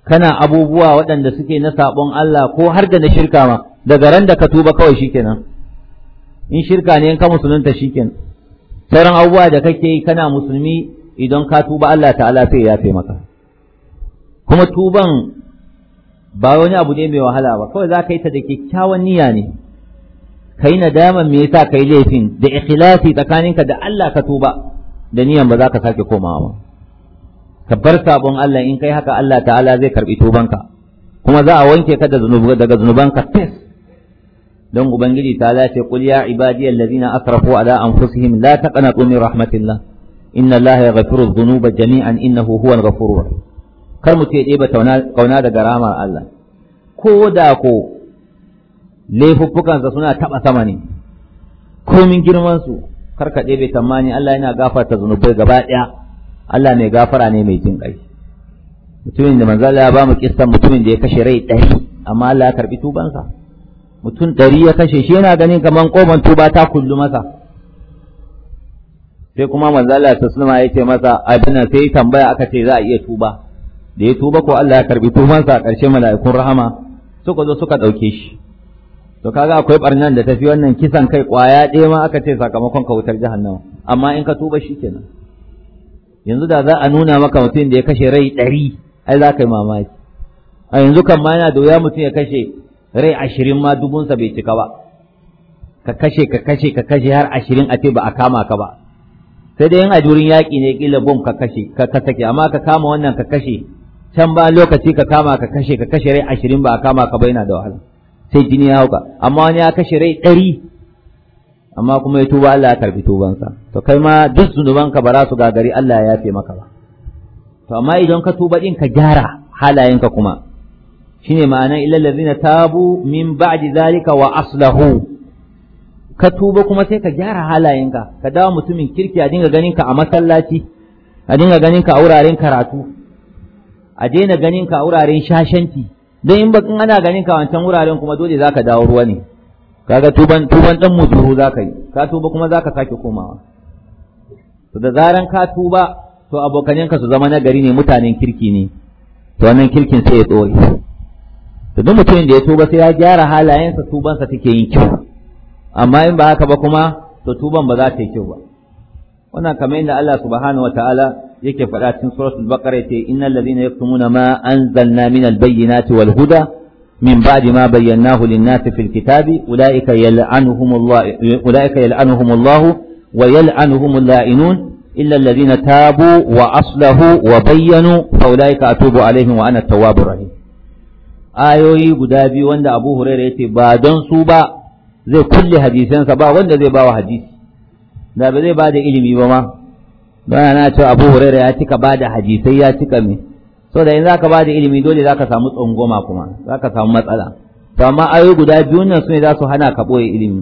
B: kana abubuwa waɗanda suke na sabon Allah ko har da na shirka ma daga ran da ka tuba kawai shikenan in shirka ne in ka musulunta shikenan sauran abubuwa da kake yi kana musulmi idan ka tuba Allah ta'ala sai ya fe maka kuma tuban ba wani abu ne mai wahala ba kawai za ka yi ta da kyakkyawan niyya ne ka yi nadama me yasa ka yi laifin da ikhlasi tsakaninka da Allah ka tuba da niyan ba za ka sake komawa ba ka bar sabon Allah in kai haka Allah ta'ala zai karbi tubanka kuma za a wanke ka daga zunubanka fes don ubangiji ta lace qul ya ibadiyal ladina asrafu ala anfusihim la taqnatu min rahmatillah inna allaha yaghfiru dhunuba jami'an inna huwal ghafurur rahim kar mu ce dai ba kauna daga ramar Allah ko da ko laifuffukansa suna taba sama ne komin girman su kar ka ɗebe tamani Allah yana gafarta zunubai gaba ɗaya Allah mai gafara ne mai jin ƙai mutumin da manzo ya ba mu kistan mutumin da ya kashe rai ɗari amma Allah ya karɓi tubansa mutum ɗari ya kashe shi yana ganin kamar koban tuba ta kullu masa sai kuma manzala ta suna ya ce masa abin sai tambaya aka ce za a iya tuba da ya tuba ko Allah ya karbi tubansa a ƙarshe mala'ikun rahama suka zo suka ɗauke shi to kaga akwai barnan da tafi wannan kisan kai ƙwaya ɗaya ma aka ce sakamakon ka wutar jahannama amma in ka tuba shi kenan, yanzu da za a nuna maka mutum da ya kashe rai ɗari ai za ka yi mamaki a yanzu kan ma yana da wuya mutum ya kashe rai ashirin ma dubunsa bai cika ba ka kashe ka kashe ka kashe har ashirin a ce ba a kama ka ba sai dai yin a jurin yaƙi ne ƙila bom ka kashe ka sake amma ka kama wannan ka kashe can ba lokaci ka kama ka kashe ka kashe rai ashirin ba a kama ka ba yana da wahala sai jini ya hauka amma wani ya kashe rai ɗari amma kuma ya tuba Allah ya karbi tubansa to kai ma duk zunubanka ba za su gagari Allah ya yafe maka ba to amma idan ka tuba ɗin ka gyara halayenka kuma shine ma'anan illal ladina tabu min ba'di zalika wa aslahu ka tuba kuma sai ka gyara halayenka ka dawo mutumin kirki a dinga ganinka a masallaci a dinga ganinka a wuraren karatu a daina ganinka a wuraren shashanci don in bakin ana ganinka a wancan wuraren kuma dole zaka dawo ruwa ne kaga tuban tuban dan muzuru zaka yi ka tuba kuma zaka sake komawa to da zaran ka tuba to abokanenka su zama nagari ne mutanen kirki ne to wannan kirkin sai ya tsore to duk da ya tuba sai ya gyara halayensa tubansa take yin kyau amma in ba haka ba kuma to tuban ba za ta yi kyau ba wannan kamar yadda Allah subhanahu wataala yake faɗa cikin suratul baqara yace innal ladhina yaktumuna ma anzalna minal bayyinati wal huda min ba'di ma bayyanahu lin-nasi fil kitabi ulaika yal'anuhumullah ulaika yal'anuhumullah wa yal'anuhumul la'inun illa alladhina tabu wa aslahu wa bayyanu fa ulaika atubu alaihim wa rahim ayoyi guda biyu wanda Abu Huraira yace ba don su ba zai kulle hadisansa ba wanda zai bawa hadisi da ba zai ba da ilimi ba ma don ana cewa Abu Huraira ya cika ba da hadisai ya cika mai so da in zaka ba da ilimi dole zaka samu tsangoma kuma zaka samu matsala to amma ayoyi guda biyu nan su ne za su hana ka ɓoye ilimi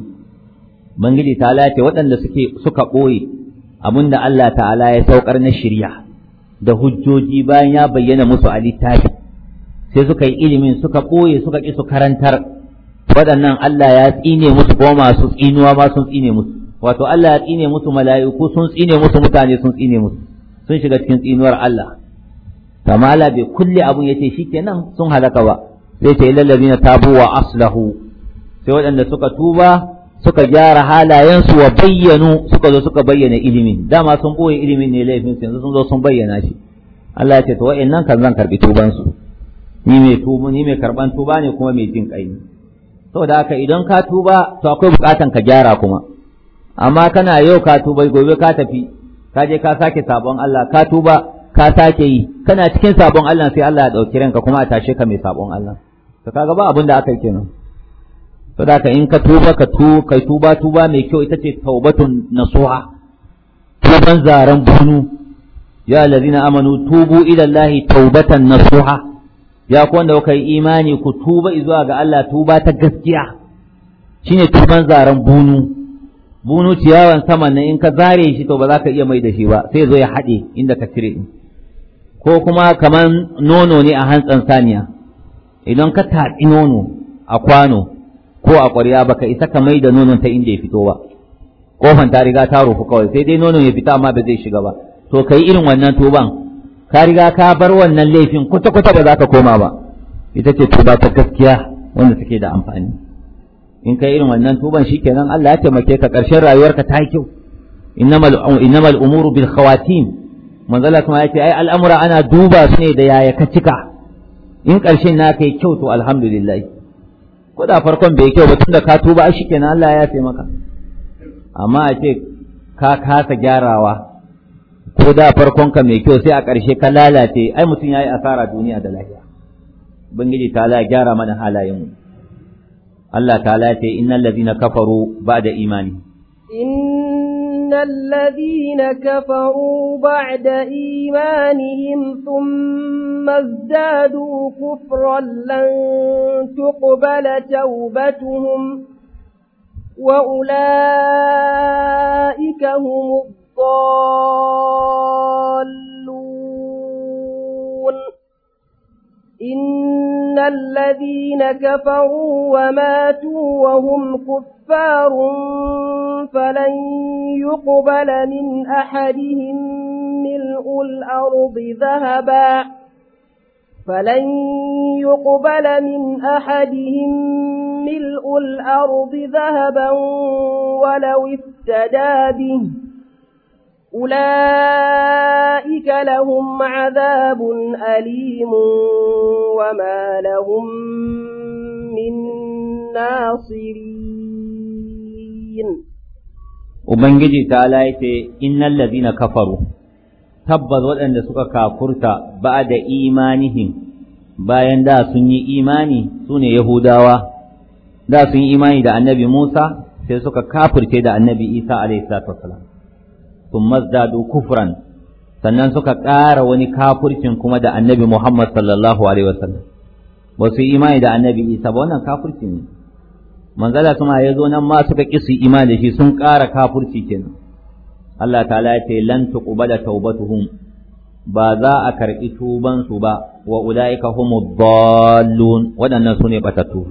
B: bangiji ta lafi waɗanda suke suka boye abinda Allah ta'ala ya saukar na shirya da hujjoji bayan ya bayyana musu a littafi sai suka yi ilimin suka koye suka ƙi su karantar waɗannan Allah ya tsine musu ko masu tsinuwa ma sun tsine musu wato Allah ya tsine musu mala'iku sun tsine musu mutane sun tsine musu sun shiga cikin tsinuwar Allah kama Allah bai kulle abun ya ce yace shikenan sun halaka ba sai ta ilal na tabu wa aslahu sai waɗanda suka tuba suka gyara halayensu wa bayyanu suka zo suka bayyana ilimin dama sun boye ilimin ne laifin yanzu sun zo sun bayyana shi Allah ya ce to wa'annan kan zan karbi tubansu ni mai tuba ni mai karban tuba ne kuma mai jin kai saboda haka idan ka tuba to akwai bukatan ka gyara kuma amma kana yau ka tuba gobe ka tafi ka je ka sake sabon Allah ka tuba ka sake yi kana cikin sabon Allah sai Allah ya dauki ranka kuma a tashe ka mai sabon Allah to kaga ba abin da aka yi kenan saboda haka in ka tuba ka tu kai tuba tuba mai kyau ita ce taubatun nasuha tuban zaren bunu ya allazina amanu tubu ila Allah taubatan nasuha ya ku wanda kuka yi imani ku tuba zuwa ga Allah tuba ta gaskiya shine tuban zaren bunu bunu ciyawan saman na in ka zare shi to ba za ka iya mai da shi ba sai zo ya haɗe inda ka cire ko kuma kamar nono ne a hantsan saniya idan ka tatsi nono a kwano ko a ƙwarya ba ka isa ka mai da nonon ta inda ya fito ba kofan ta riga ta rufu kawai sai dai nonon ya fita amma ba zai shiga ba to ka yi irin wannan tuban ka riga ka bar wannan laifin kwata kwata ba za ka koma ba ita ce tuba ta gaskiya wanda take da amfani in kai irin wannan tuban shi shikenan Allah ya taimake ka ƙarshen rayuwarka ta yi kyau innamal innamal umuru bil khawatim manzala kuma yace ai al'amura ana duba su ne da yaya ka cika in ƙarshen na kai kyau to alhamdulillah ko da farkon bai kyau ba tunda ka tuba shi shikenan Allah ya taimaka. amma a ce ka kasa gyarawa ko da farkon ka mai kyau sai a ƙarshe ka lalace ai mutun yayi asara duniya da lafiya ubangiji ta la gyara mana halayen mu Allah ta la ce innal ladina kafaru ba'da imani
A: innal ladina kafaru ba'da imanihim thumma zadu kufran lan tuqbala tawbatuhum wa ulaika humu الضالون إن الذين كفروا وماتوا وهم كفار فلن يقبل من أحدهم ملء الأرض ذهبا فلن يقبل من أحدهم ملء الأرض ذهبا ولو افتدى به أولئك لهم عذاب أليم وما لهم من ناصرين
B: Ubangiji ta laife innal ladina kafaru tabbas waɗanda suka kafurta ba da imanihin bayan da sun yi imani ne Yahudawa da sun yi imani da annabi Musa sai suka kafurce da annabi Isa alaihi salatu thumma zadu kufran sannan suka ƙara wani kafurcin kuma da annabi Muhammad sallallahu alaihi wasallam ba su yi imani da annabi Isa ba wannan kafirci ne manzala kuma ya zo nan ma suka ƙi su imani da shi sun ƙara kafirci kenan Allah ta'ala ya ce lan tuqbala tawbatuhum ba za a karɓi tubansu ba wa ula'ika humu dallun waɗannan su ne ɓatattu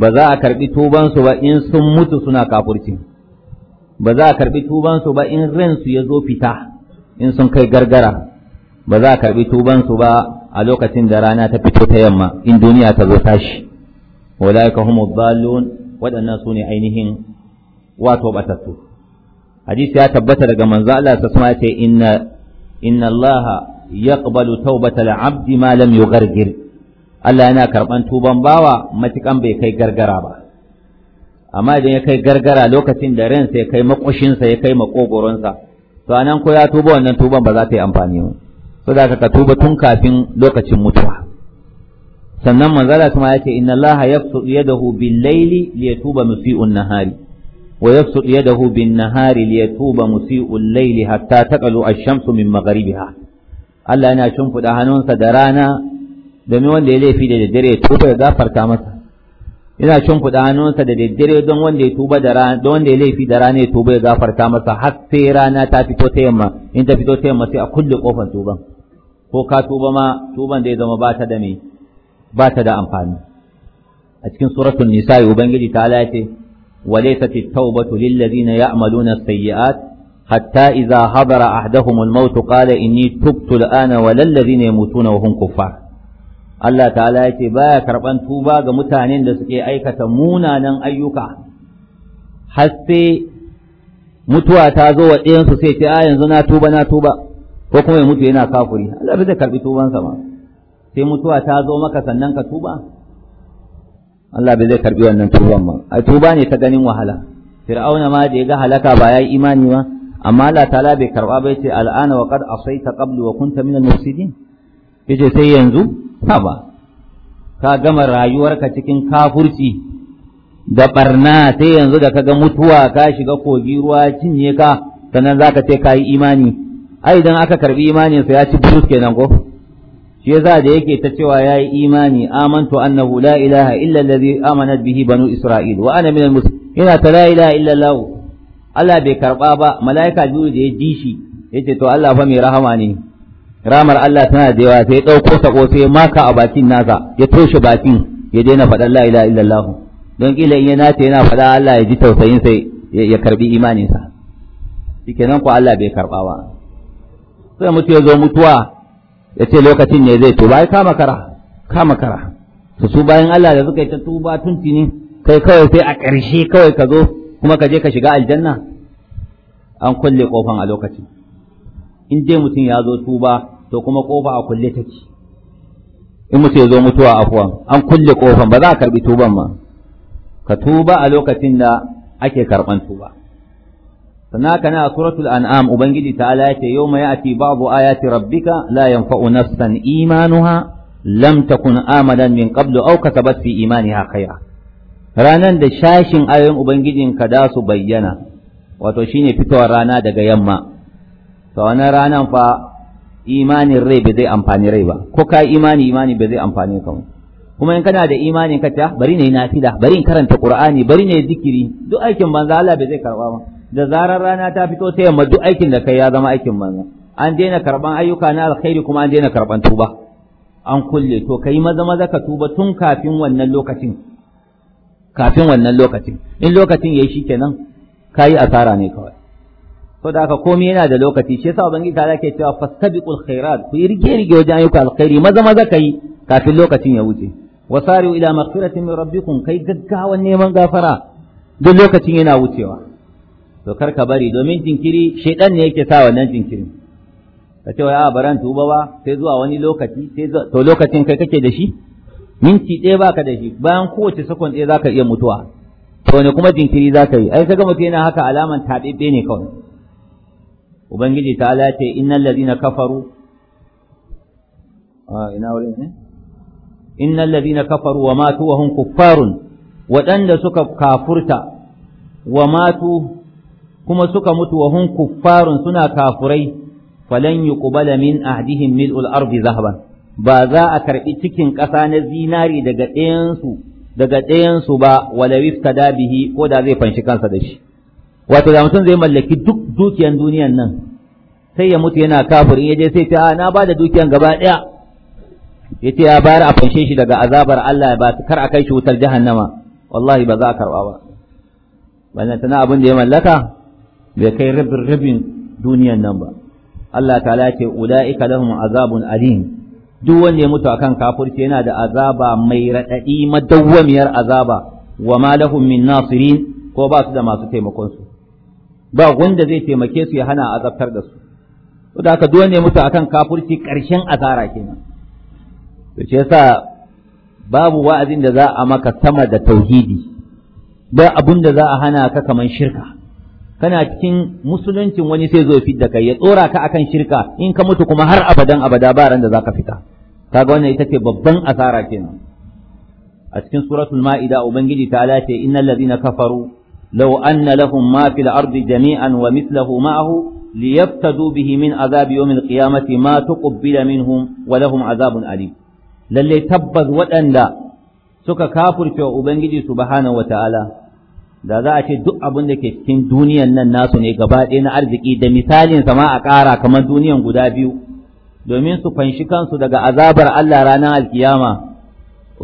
B: ba za a karɓi tubansu ba in sun mutu suna kafurci ba za a karbi tubansu ba in ransu ya zo fita in sun kai gargara ba za a karbi tubansu ba a lokacin da rana ta fito ta yamma in duniya ta zo tashi ka humud dallun waɗannan su ne ainihin wato batattu hadisi ya tabbata daga manzo Allah ta sama ce inna inna Allah yaqbalu tawbatal abdi ma lam yughargir Allah yana karɓan tuban bawa matukan bai kai gargara ba amma idan ya kai gargara lokacin da ransa ya kai makoshinsa ya kai makogoronsa to anan ko ya tuba wannan tuban ba za ta yi amfani ba da ka tuba tun kafin lokacin mutuwa sannan manzala kuma yake inna Allah yafsu yadahu bil layli yatuba musiu nahari wa yafsu yadahu bin nahari liyatuba musii'ul layli hatta taqalu ash-shamsu min magharibiha Allah yana shimfida hannunsa da rana domin wanda ya laifi da dare ya tuba ya gafarta masa ina cin kudanunsa da daddare don wanda ya tuba laifi da rana ya tuba ya gafarta masa har sai rana ta fito ta yamma in ta fito ta yamma sai a kulle kofar tuban ko ka tuba ma tuban da ya zama ba ta da amfani a cikin suratun nisa ubangiji ta ala ce walaysat at-taubatu lil ladina ya'maluna as-sayyi'at hatta idha habara ahdahum al-maut inni tubtu al-ana walallazi lil ladina yamutuna wa kuffar Allah ta'ala ya ce baya karɓan tuba ga mutanen da suke aikata munanan ayyuka har sai mutuwa ta zo wa ɗayansu sai ce a yanzu na tuba na tuba ko kuma ya mutu yana kafuri Allah bai karɓi tubansa ba sai mutuwa ta zo maka sannan ka tuba Allah bai zai karɓi wannan tuban ba a tuba ne ta ganin wahala fir'auna ma da ya ga halaka ba ya yi imani ba amma Allah ta'ala bai karɓa ba ya ce al'ana wa qad asaita qabli wa kunta minal mufsidin yace sai yanzu ka gama rayuwarka cikin kafurci da barna sai yanzu da kaga mutuwa ka shiga kogi ruwa cinye ka sannan zaka ce ka yi imani ai idan aka karbi imanin sa ya ci burus kenan ko shi yasa da yake ta cewa ya yi imani amantu annahu la ilaha illa allazi amanat bihi banu isra'il wa ana minal yana ta la ilaha illa allah Allah bai karba ba mala'ika biyu da ya ji shi yace to Allah fa mai rahama ne ramar Allah tana da yawa sai ɗauko sako sai maka a bakin nasa ya toshe bakin ya daina faɗan la ilaha illallah don kila in ya nace yana faɗa Allah ya ji tausayin sai ya karbi sa shikenan ko Allah bai karba ba sai mutu ya zo mutuwa ya ce lokacin ne zai to bai kama kara kama kara to su bayan Allah da suka yi ta tuba tun tuni kai kawai sai a ƙarshe kawai ka zo kuma ka je ka shiga aljanna an kulle kofan a lokacin in dai mutum ya zo tuba to kuma kofa a kulle take in mutum ya zo mutuwa afwan an kulle kofan ba za a karbi tuban ma ka tuba a lokacin da ake karban tuba sannan kana a suratul an'am ubangiji ta'ala yace yawma ya'ti a ayati rabbika la yanfa'u nafsan imanuha lam takun amadan min qablu aw kasabat fi imaniha khayra ranan da shashin ayoyin ka da su bayyana wato shine fitowar rana daga yamma to wannan ranan fa imanin rai ba zai amfani rai ba ko ka imani imani ba zai amfani ka kuma in kana da imanin ka ta ah, bari ne nafila bari in karanta qur'ani bari ne zikiri duk aikin banza Allah bai zai karba ba da zarar rana ta fito ta yamma duk aikin da kai ya zama aikin banza an daina karban ayyuka na alkhairi kuma an daina karban tuba an kulle to kai maza maza ka tuba tun kafin wannan lokacin kafin wannan lokacin in lokacin yayi shikenan kai asara ne kawai da aka komai yana da lokaci shi yasa ubangiji ta ke cewa fastabiqul khairat ku yi rige rige wajen ayyuka alkhairi maza maza kai kafin lokacin ya wuce wasari'u ila maghfirati min rabbikum kai gaggawan neman gafara duk lokacin yana wucewa to kar ka bari domin jinkiri shaidan ne yake sa wannan jinkirin ka ce wai a baran tuba ba sai zuwa wani lokaci sai to lokacin kai kake da shi minti ɗaya baka da shi bayan kowace sakon ɗaya zaka iya mutuwa to ne kuma jinkiri zaka yi ai kaga mutum yana haka alaman taɓeɓɓe ne kawai ubangiji ta lace innal ladina kafaru a ah, ina wurin ne eh? innal ladina kafaru wa matu wa kuffarun waɗanda suka kafurta wa matu kuma suka mutu wa hum kuffarun suna kafurai falon yi yuqbala min ahdihim mil'ul ardi zahaban ba za a karɓi cikin ƙasa na zinari daga ɗayansu daga ɗayansu ba wala wifta bihi ko da zai fanshi kansa da shi wato da mutum zai mallaki duk dukiyan duniyan nan sai ya mutu yana kafir in yaje sai ta a ah, na bada dukiyan gaba daya yace ya bayar a fanshe shi daga azabar Allah ba kar a kai shi wutar jahannama wallahi ba za a karba ba wannan tana abin da ya mallaka bai kai rabin rabin duniyan nan ba Allah ta'ala ce ulaika lahum azabun alim duk wanda ya mutu akan kafirci yana da azaba mai radadi madawwamiyar azaba wa ma lahum min nasirin ko ba su da masu taimakon su ba wanda zai taimake su ya hana azabtar da su wadda da duwa ne mutu akan kafurci karshen asara kenan to ce yasa babu wa'azin da za a maka sama da tauhidi ba abun da za a hana ka kaman shirka kana cikin musuluncin wani sai zo fidda kai ya tsora ka akan shirka in ka mutu kuma har abadan abada ba ran da ka fita kaga wannan ita ce babban asara kenan a cikin suratul ma'ida ubangiji ta ce innal ladina kafaru لو أن لهم ما في الأرض جميعا ومثله معه ليفتدوا به من عذاب يوم القيامة ما تقبل منهم ولهم عذاب أليم للي تبذ وأن لا سك كافر في أبنجي سبحانه وتعالى da za a ce duk abin da ke cikin duniyan nan nasu ne gaba ɗaya na arziki da misalin sama a ƙara kamar duniyan guda biyu domin su fanshi kansu daga azabar Allah ranar alkiyama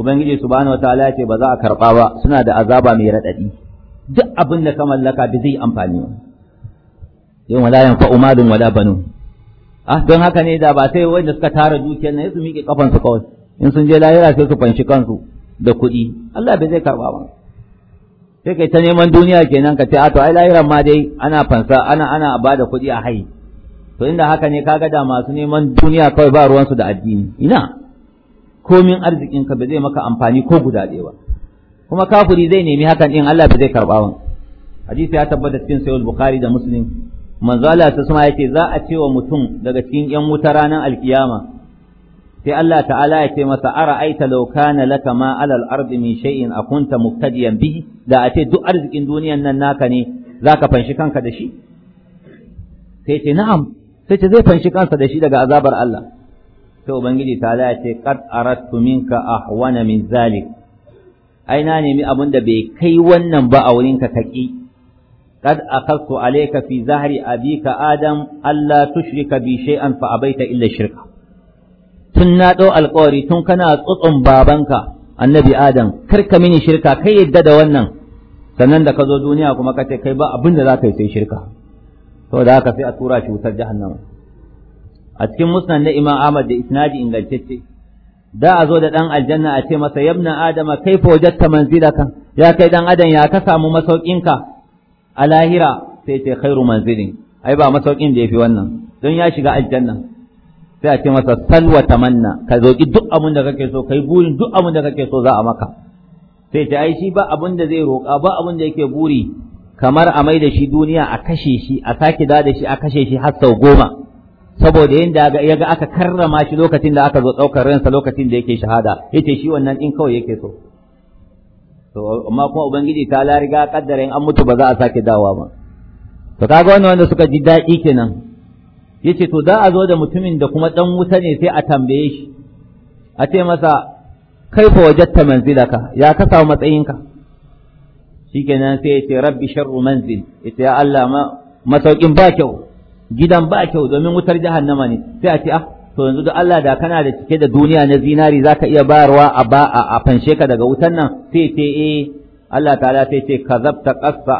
B: Ubangiji subhanahu wataala ya ce ba za a karɓa ba suna da azaba mai raɗaɗi duk abin da ka mallaka da zai amfani wa. yau wala yan fa'u wala banu ah don haka ne da ba sai wanda suka tara dukiyar nan su miƙe kafansu kawai in sun je lahira sai su fanshi kansu da kuɗi Allah bai zai karba ba sai kai ta neman duniya kenan ka ce a ah, to ai lahiran ma dai ana fansa ana ana ba da kuɗi a hayi to inda haka ne kaga da masu neman duniya kawai ba ruwansu da addini ina komin arzikin ka ba zai maka amfani ko guda ɗaya ba kuma kafiri zai nemi hakan in Allah ba zai karba ba hadisi ya tabbata cikin sahih bukhari da muslim manzo Allah ta suma ce, za a ce wa mutum daga cikin yan wuta ranar alkiyama sai Allah ta'ala ya ce masa ara aita law kana laka ma alal ardi min shay'in akunta muqtadiyan bihi da a ce duk arzikin duniyan nan naka ne zaka fanshi kanka da shi sai ce na'am sai ce zai fanshi kansa da shi daga azabar Allah sai ubangiji ta'ala ya ce qad aradtu minka ahwana min zalik ai na nemi abin da bai kai wannan ba a wurinka kaki قد أخذت عليك في زهر أبيك آدم ألا تشرك بي شيئا فأبيت إلا الشرك تنادو القوري تنكنا تطعم بابنك النبي آدم كرك مني شركة كي يدد ونن sannan da ka zo duniya kuma ka ce kai ba abin za ka yi sai shirka to da haka sai a tura shi wutar jahannama a cikin musnad na imam ahmad da isnadi ingantacce da a zo da ɗan aljanna a ce masa yabna adama kai fa wajatta manzilaka ya kai ɗan adam ya ka samu masauƙinka a lahira sai ce khairu manzilin ai ba masaukin da yafi wannan don ya shiga aljanna sai a ce masa salwa tamanna ka ki duk abin da kake so kai burin duk abin da kake so za a maka sai ce ai shi ba abin da zai roƙa ba abin da yake buri kamar a mai da shi duniya a kashe shi a sake da da shi a kashe shi har sau goma saboda yadda ya ga aka karrama shi lokacin da aka zo ɗaukar ransa lokacin da yake shahada yace shi wannan in kawai yake so to amma kuma ubangiji ta lariga kaddara in an mutu ba za a sake dawa ba to kaga wannan wanda suka ji daɗi kenan yace to za a zo da mutumin da kuma dan wuta ne sai a tambaye shi a ce masa kai kaifa wajatta manzilaka ya ka samu matsayinka shikenan sai ya ce rabbi sharru manzil yace ya Allah ma masaukin ba kyau gidan ba kyau domin wutar jahannama ne sai a ce ah to yanzu da Allah da kana da cike da duniya na zinari zaka iya bayarwa a ba a fanshe ka daga wutan nan sai ce eh Allah ta'ala sai ce kazabta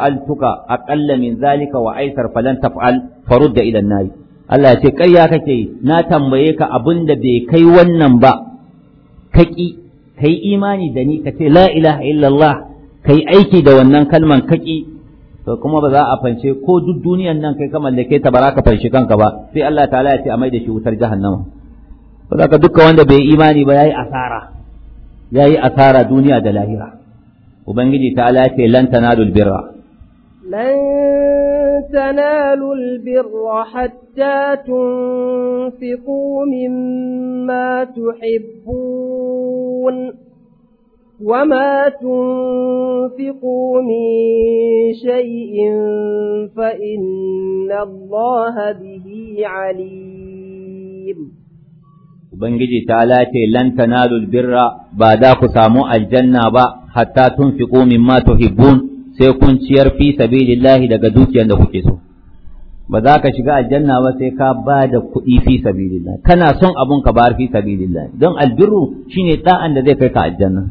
B: altuka aqalla min zalika wa aisar falan taf'al farudda ila an-nar Allah ya ce ƙarya kake na tambaye ka abun da bai kai wannan ba kaki kai imani da ni ka ce la ilaha illallah kai aiki da wannan kalman kaki to kuma ba za a fance ko duk duniyan nan kai ka mallake ta baraka fanshi kanka ba sai Allah ta'ala ya ce a maida shi wutar jahannama to zaka dukkan wanda bai imani ba yayi asara yayi asara duniya da lahira ubangiji ta'ala ya ce lan tanalul birra
A: lan tanalul birra hatta tunfiqu mimma tuhibbun وما تنفقوا من شيء فإن الله به عليم
B: Ubangiji ta lace lan tanalul birra ba za ku samu aljanna ba hatta tunfiqu mimma tuhibbun sai kun ciyar fi sabilillahi daga dukiyar da kuke so ba za ka shiga aljanna ba sai ka ba da kuɗi fi sabilillah kana son abun ka bar fi sabilillah don albirru shine da'an da zai kai ka aljanna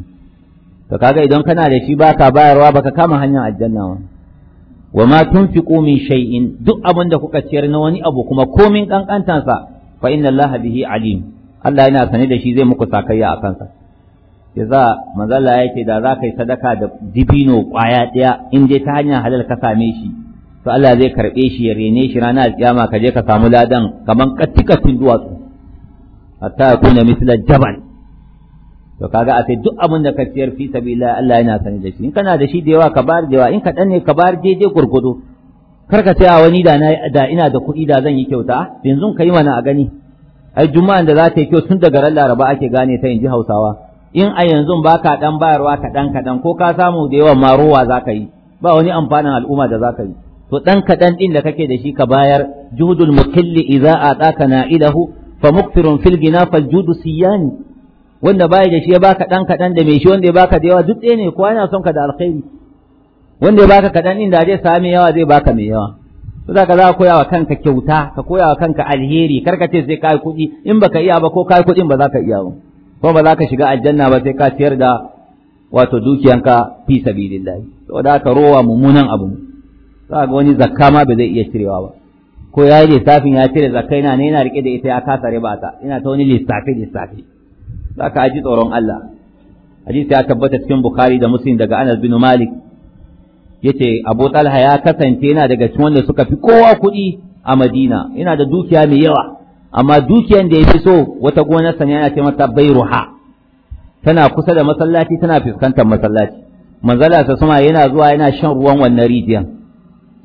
B: to kaga idan kana da shi baka bayarwa baka kama hanyar aljanna wa wa ma tunfiqu min shay'in duk abin da kuka ciyar na wani abu kuma komin kankantansa fa inna allaha bihi alim Allah yana sane da shi zai muku sakayya a kansa ya manzala ya ce da za ka yi sadaka da dibino kwaya ɗaya in dai ta hanyar halal ka same shi to Allah zai karɓe shi ya rene shi ranar alƙiyama ka je ka samu ladan kaman kattikattin duwatsu hatta ya kuna jabal to kaga a sai duk abin da ka siyar fi sabila Allah yana sani da shi in kana da shi da yawa ka bar da yawa in kaɗan ne ka bar je gurgudu kar ka tsaya wani da da ina da kuɗi da zan yi kyauta ah, yanzu ka yi mana a gani ai juma'an da za ta yi kyau tun daga ran laraba ake gane ta inji hausawa in a yanzu ba ka ɗan bayarwa kaɗan kaɗan ko ka samu da yawan marowa za ka yi ba wani amfanin al'umma da za ka yi to ɗan kaɗan ɗin da kake da shi ka bayar juhudul mukilli idza ataka na'ilahu fa muktirun fil gina fal judu siyani wanda baya da shi ya baka dan kadan da mai shi wanda ya baka da yawa duk ɗaya ne kowa yana son ka da alkhairi wanda ya baka kadan din da zai sami yawa zai baka mai yawa to zaka za ka koya wa kanka kyauta ka koya wa kanka alheri kar ka ce sai kai kuɗi in baka iya ba ko kai kuɗin ba za ka iya ba ko ba za ka shiga aljanna ba sai ka siyar da wato dukiyanka fi to da ka rowa mummunan abu za ga wani zakka ma ba zai iya cirewa ba ko ya yi lissafin ya cire zakka yana ne yana rike da ita ya kasa riba ta ina ta wani lissafi lissafi za ka ji tsoron Allah hadisi ya tabbata cikin bukhari da muslim daga anas bin malik yace abu talha ya kasance yana daga cikin wanda suka fi kowa kuɗi a madina yana da dukiya mai yawa amma dukiyan da ya fi so wata gonar sa yana ce mata bairuha tana kusa da masallaci tana fuskantar masallaci manzala sa suma yana zuwa yana shan ruwan wannan rijiyar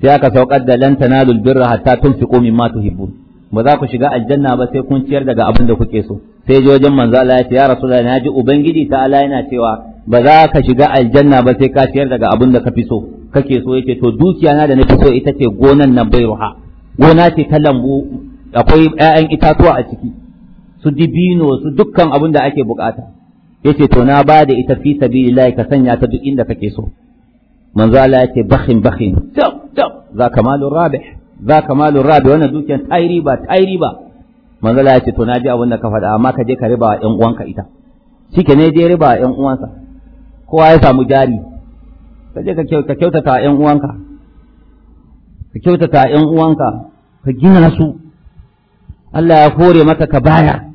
B: sai aka saukar da lan tanalul birra hatta tunfiqu mimma tuhibbun ba za ku shiga aljanna ba sai kun ciyar daga abin da kuke so sai ji wajen manzo Allah ya ce ya rasulullahi na ji ubangiji ta Allah yana cewa ba za ka shiga aljanna ba sai ka ciyar daga abin da ka fi so kake so yake to dukiya na da na fi so ita ce gonan nan bai ruha gona ce ta lambu akwai ƴaƴan itatuwa a ciki su dibino su dukkan abin da ake bukata yace to na ba da ita fi sabilillahi ka sanya ta duk inda kake so manzo Allah ya ce bakhin bakhin tab tab za kamalur rabih za ka malu rabi wannan dukiyar ta yi riba ta yi riba manzala ya ce to na ji abin da ka faɗa amma ka je ka riba wa ƴan uwanka ita shi ke ne je riba wa ƴan uwansa kowa ya samu jari ka je ka kyautata wa ƴan uwanka ka kyautata wa ƴan uwanka
A: ka gina su
B: Allah ya kore maka ka baya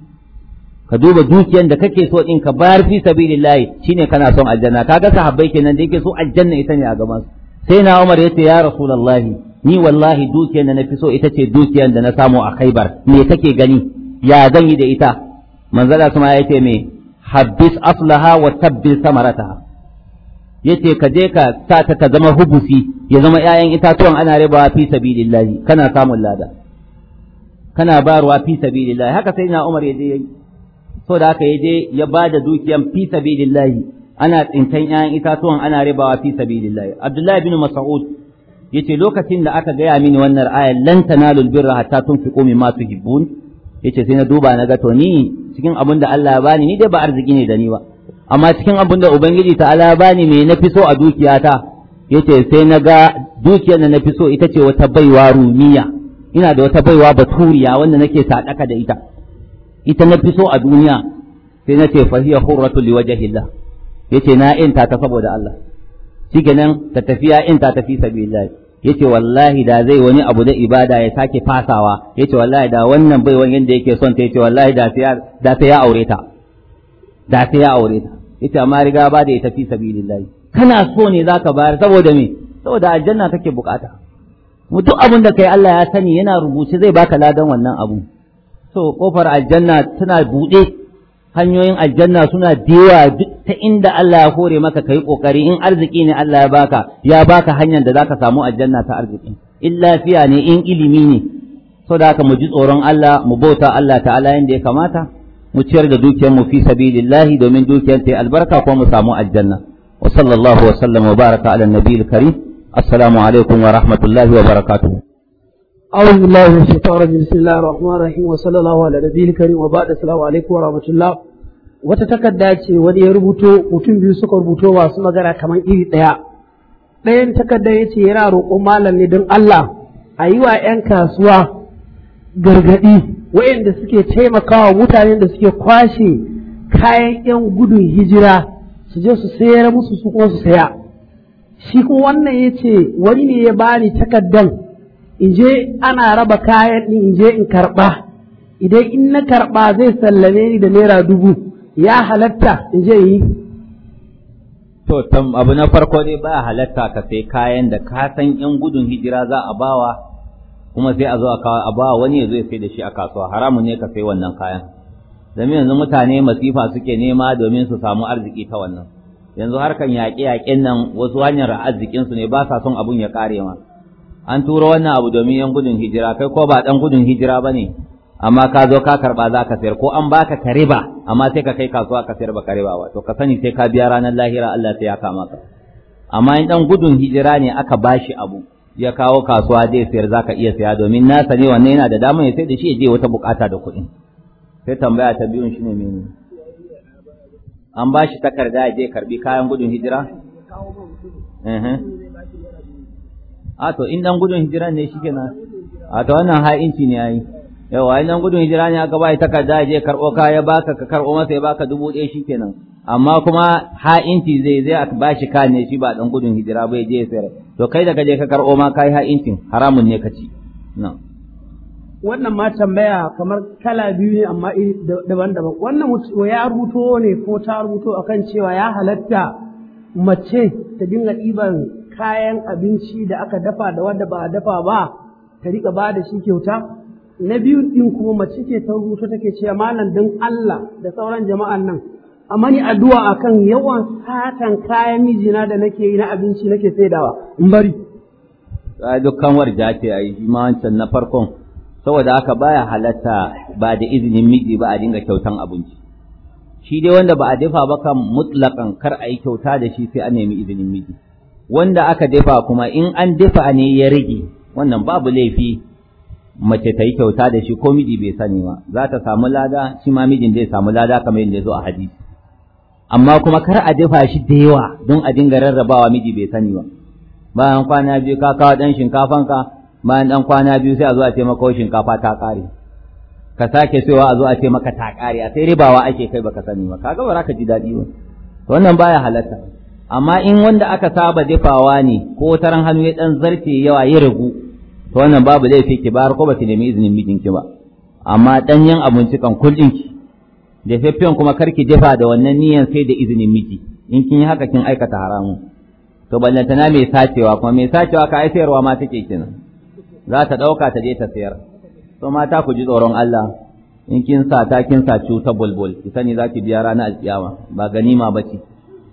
B: ka duba dukiyar da kake so in ka bayar fi sabilillahi shine kana son aljanna kaga sahabbai kenan da yake so aljanna ita ne a gaban sai na Umar yace ya rasulullahi ni wallahi dukiyar da na fi so ita ce dukiyar da na samu a Khaibar me kake gani ya zan yi da ita manzala kuma ya ce me habbis aslaha wa tabbil samarata yace ka je ka sa ta ka zama hubusi ya zama 'ya'yan itatuwan ana rabawa fi sabilillahi kana samun lada kana barwa fi sabilillahi haka sai na Umar ya je so da haka ya je ya bada dukiyar fi sabilillahi ana tsintan 'ya'yan itatuwan ana rabawa fi sabilillahi Abdullahi bin Mas'ud yace lokacin da aka gaya mini wannan ayar lan tanalul birra hatta tunfiqu mimma tuhibbun yace sai na duba na ga to ni cikin abin da Allah ya bani ni dai ba arziki ne da ni ba amma cikin abin da ubangiji ta Allah ya bani me nafi so a dukiyata yace sai na ga dukiyar da nafi so ita ce wata baiwa rumiya ina da wata baiwa baturiya wanda nake sadaka da ita ita fi so a duniya sai na ce fa hiya hurratu liwajhillah yace na inta ta saboda Allah nan, ta tafiya in ta tafi sabilillah yace wallahi da zai wani abu da ibada ya sake fasawa yace wallahi da wannan bai wani yanda yake son ta yace wallahi da sai da sai ya aure ta da sai ya aure ta yace amma riga ba da ya tafi sabilillah kana so ne zaka bayar saboda me saboda aljanna take bukata mu duk abin da kai Allah ya sani yana rubuce zai baka ladan wannan abu so kofar aljanna tana bude hanyoyin aljanna suna dewa duk ta inda Allah ya hore maka kai kokari in arziki ne Allah ya baka ya baka hanyar da zaka samu aljanna ta arziki in lafiya ne in ilimi ne saboda haka mu ji tsoron Allah mu bauta Allah ta'ala yanda ya kamata mu ciyar da dukiyar mu fi sabilillahi domin dukiyar ta albarka ko mu samu aljanna wa sallallahu wa sallam wa baraka ala nabiyil karim assalamu alaikum wa rahmatullahi wa barakatuh
C: أعوذ بالله من الشيطان الرجيم بسم الله الرحمن الرحيم وصلى الله على نبي الكريم وبعد السلام عليكم ورحمة الله wata takarda ce wani ya rubuto mutum biyu suka rubuto masu magana kamar iri ɗaya ɗayan takarda ya ce yana roƙon malam ne don Allah a yi wa 'yan kasuwa gargaɗi wayanda suke taimakawa mutanen da suke kwashe kayan 'yan gudun hijira su je su sayar musu su kuma su saya shi kuma wannan ya ce wani ne ya bani takardan in ana raba kayan ɗin in in karɓa idan in na karɓa zai sallame ni da naira dubu ya halatta in
A: yi
B: to tam abu na farko dai ba halatta ka sai kayan da ka san yan gudun hijira za a bawa kuma sai a zo a bawa wani ya zo ya sai da shi a kasuwa haramun ne ka sai wannan kayan domin yanzu mutane masifa suke nema domin su samu arziki ta wannan yanzu harkan yaƙe-yaƙen nan wasu hanyar arzikinsu ne ba sa son abun ya ƙare ma an turo wannan abu domin yan gudun hijira kai ko ba dan gudun hijira bane amma ka zo ka karba za ka sayar ko an baka ka riba amma sai ka kai kasuwa ka sayar ba ka riba ba to ka sani sai ka biya ranar lahira Allah sai ya kama ka amma in dan gudun hijira ne aka bashi abu ya kawo kasuwa zai sayar za ka iya saya domin na sani wannan yana da damar ya sai da shi ya je wata bukata da kuɗi, sai tambaya ta biyun shine mene an bashi takarda ya je karbi kayan gudun hijira a to in dan gudun hijira ne shikenan a to wannan ha'inci ne yayi yawa in dan gudun hijira ne aka bai takarda je karbo kaya baka ka karbo masa ya baka dubu ɗaya shikenan amma kuma ha'inci zai zai aka bashi ka ne shi ba dan gudun hijira bai je sai to kai da kaje ka karbo ma kai ha'incin haramun ne kaci na'am
C: wannan ma tambaya kamar kala biyu ne amma daban-daban wannan ya rubuto ne ko ta rubuto akan cewa ya halatta mace ta dinga ɗiban kayan abinci da aka dafa da wanda ba a dafa ba ta riƙa ba da shi kyauta na biyu ɗin kuma mace ce ta rubuta take cewa malam don Allah da sauran jama'an nan a mani addu'a akan yawan satan kayan mijina da nake yi na abinci nake saidawa in bari
B: sai dukkan warja ce ai shi na farkon saboda aka baya halatta ba da izinin miji ba a dinga kyautan abinci shi dai wanda ba a dafa ba kan mutlakan kar a yi kyauta da shi sai a nemi izinin miji wanda aka dafa kuma in an dafa ne ya rage wannan babu laifi mace ta yi kyauta da shi ko miji bai sani ba za ta samu lada shi ma mijin zai samu lada kamar yadda ya zo a hadisi amma kuma kar a dafa shi da yawa don a dinga rarrabawa miji bai sani ba bayan kwana biyu ka kawo dan shinkafanka bayan dan kwana biyu sai a zo a ce maka shinkafa ta kare ka sake sowa a zo a ce maka ta kare a sai ribawa ake kai baka sani ba kaga ba za ka ji daɗi ba wannan baya halatta amma in wanda aka saba dafawa ne ko taran hannu ya dan zarfe yawa ya ragu to wannan babu laifi ki bar ko ki nemi izinin mijinki ba amma danyen abinci kan kullin ki da fafiyan kuma karki dafa da wannan niyan sai da izinin miji in kin yi haka kin aikata haramun to ballantana mai sacewa kuma mai sacewa ka sayarwa ma take kenan za ta dauka ta je ta sayar to mata ku ji tsoron Allah in kin sa ta kin sa cuta bulbul ki sani zaki biya ranar alkiyama ba ganima bace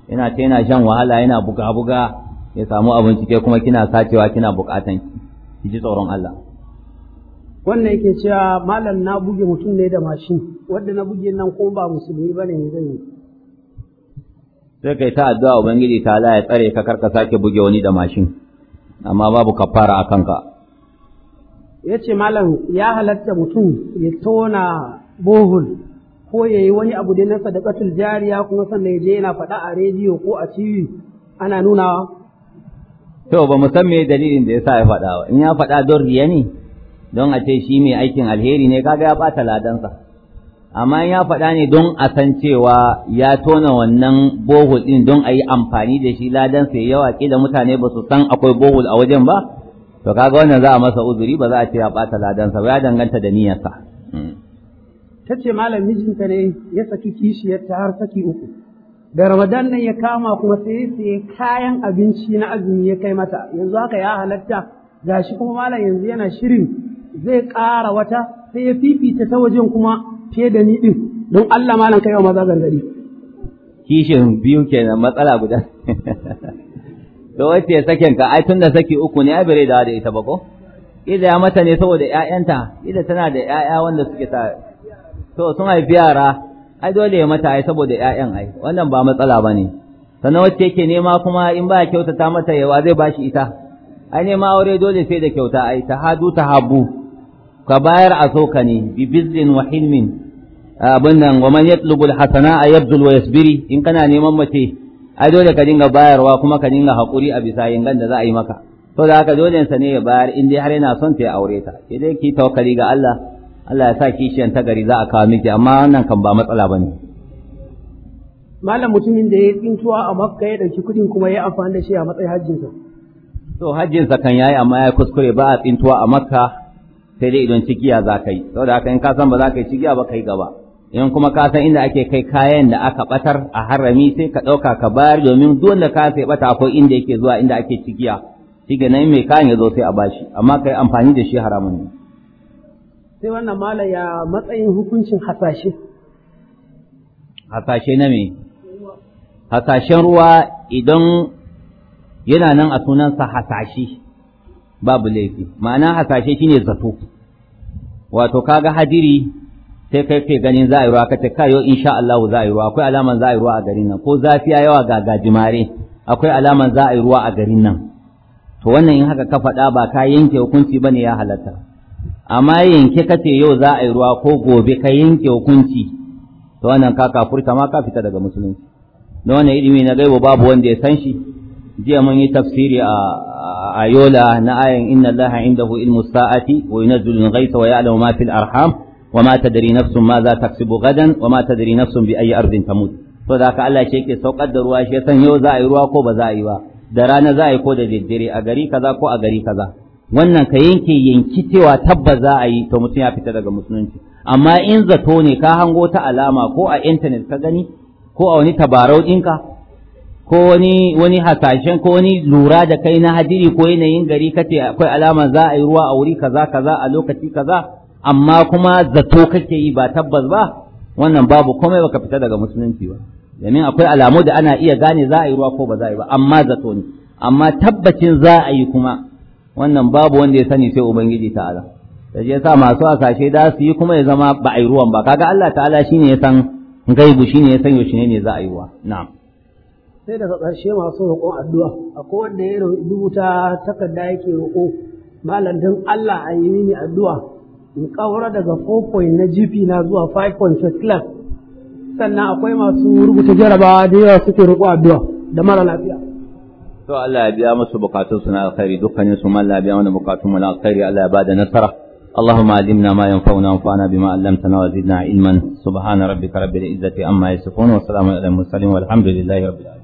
B: yana ta yana shan wahala yana buga buga ya samu abinci cike kuma kina sacewa kina bukatan ki ji tsoron Allah
C: wannan yake cewa malam na buge mutum ne da mashin wanda na buge nan ko ba musulmi bane ne zai yi
B: sai kai ta addu'a ubangiji ta Allah ya tsare ka karka sake buge wani da mashin amma babu kafara akan ka
C: yace malam ya halatta mutum ya tona bohol ko ya yi wani abu da na sadaqatul jariya kuma sannan ya je yana faɗa a rediyo ko a TV ana nunawa
B: to ba mu san dalilin da ya sa ya faɗa ba in ya faɗa don riya ne don a ce shi mai aikin alheri ne kaga ya ɓata ladansa amma in ya faɗa ne don a san cewa ya tona wannan bohol ɗin don a yi amfani da shi ladansa yawa kila mutane ba su san akwai bohol a wajen ba to kaga wannan za a masa uzuri ba za a ce ya ɓata ladansa ba ya danganta da niyyarsa hmm.
C: ta ce malam mijinta ne ya saki kishiyarta har saki uku da ramadan nan ya kama kuma sai saye kayan abinci na azumi ya kai mata yanzu haka ya halatta gashi kuma malam yanzu yana shirin zai ƙara wata sai ya fifita ta wajen kuma fiye da ni din don Allah malam kai wa maza gangari
B: kishin biyu kenan matsala guda to wace sakin ka ai tunda saki uku ne ai bare da ita ba ko ida ya mata ne saboda ƴaƴanta ida tana da ƴaƴa wanda suke ta to sun haifi yara ai dole ya mata ai saboda ƴaƴan ai wannan ba matsala bane sannan wacce yake nema kuma in ba kyautata mata yawa zai bashi ita ai nema aure dole sai da kyauta ai ta ta tahabu ka bayar a soka ne bi bizin wa hilmin abin nan wa man yatlubu alhasana yabzul wa yasbiri in kana neman mace ai dole ka dinga bayarwa kuma ka dinga hakuri a bisa yin da za a yi maka to da haka dole sa ne ya bayar in dai har yana son ta ya aure ta idan ki tawakkali ga Allah Allah ya sa kishiyan ta gari za a kawo miki amma wannan kan ba matsala ba ne.
C: Malam mutumin da ya tsintuwa a Makka ya ɗauki kuɗin kuma ya amfani da shi a matsayin hajjinsa. To
B: hajjinsa kan yayi amma ya kuskure ba a tsintuwa a Makka sai dai idan cikiya za ka yi saboda haka in ka san ba za ka yi cikiya ba ka yi gaba. in kuma ka san inda ake kai kayan da aka batar a harami sai ka ɗauka ka bayar domin duk wanda ka sai bata ko inda yake zuwa inda ake cikiya. shi nan mai kayan ya zo sai a bashi amma kai amfani da shi haramun ne
C: sai wannan mala ya matsayin hukuncin hasashe
B: hasashe na me hasashen ruwa idan yana nan a sunansa hasashe babu laifi ma'ana hasashe shine zato wato kaga hadiri sai kai ke ganin za a yi ruwa ka ce kayo sha Allah za yi ruwa akwai alaman za a yi ruwa a garin nan ko zafiya yawa ga gajimare akwai alaman za yi ruwa a garin nan to wannan in haka ka faɗa ba ka yanke hukunci ba ne ya halatta amma yanke kace yau za a yi ruwa ko gobe ka yanke hukunci to wannan ka kafurta ma ka fita daga musulunci na wannan ilimi na gaibo babu wanda ya san shi jiya mun yi tafsiri a yola na ayan inna allaha indahu ilmu sa'ati wa yunazzilu al-ghaytha wa ya'lamu ma fil arham wa ma tadri nafsun ma za taksubu gadan wa ma tadri nafsun bi ayi ardin tamut to da Allah shi yake saukar da ruwa shi san yau za a yi ruwa ko ba za a yi ba da rana za a yi ko da daddare a gari kaza ko a gari kaza wannan ka yanke yanki cewa tabbas za a yi to mutum ya fita daga musulunci amma in zato ne ka hango ta alama ko a intanet ka gani ko a wani tabarau ɗinka ko wani wani hasashen ko wani lura da kai na hadiri ko yanayin gari kace akwai alama za a yi ruwa a wuri kaza kaza a lokaci kaza amma kuma zato kake yi ba tabbas ba wannan babu komai baka fita daga musulunci ba domin akwai alamu da ana iya gane za a yi ruwa ko ba za a yi ba amma zato ne amma tabbacin za a yi kuma wannan babu wanda ya sani sai ubangiji ta'ala da ya sa masu asashe da su yi kuma ya zama ba a ruwan ba kaga Allah ta'ala shine ya san gaibu shine ya san yaushe ne za a yi wa na'am
C: sai daga ƙarshe masu roƙon addu'a akwai wanda ya rubuta takarda yake roƙo malam dan Allah a yi mini addu'a in ƙaura daga 4.0 na GP na zuwa 5.6 class sannan akwai masu rubuta jarabawa da yawa suke roƙo addu'a da mara lafiya
B: to Allah ya biya musu bukatun su na alkhairi dukkanin su Allah ya biya mana bukatun mu na alkhairi Allah ya bada nasara اللهم علمنا ما ينفعنا وانفعنا بما علمتنا وزدنا علما سبحان ربك رب العزة عما يصفون وسلام على المرسلين والحمد لله رب العالمين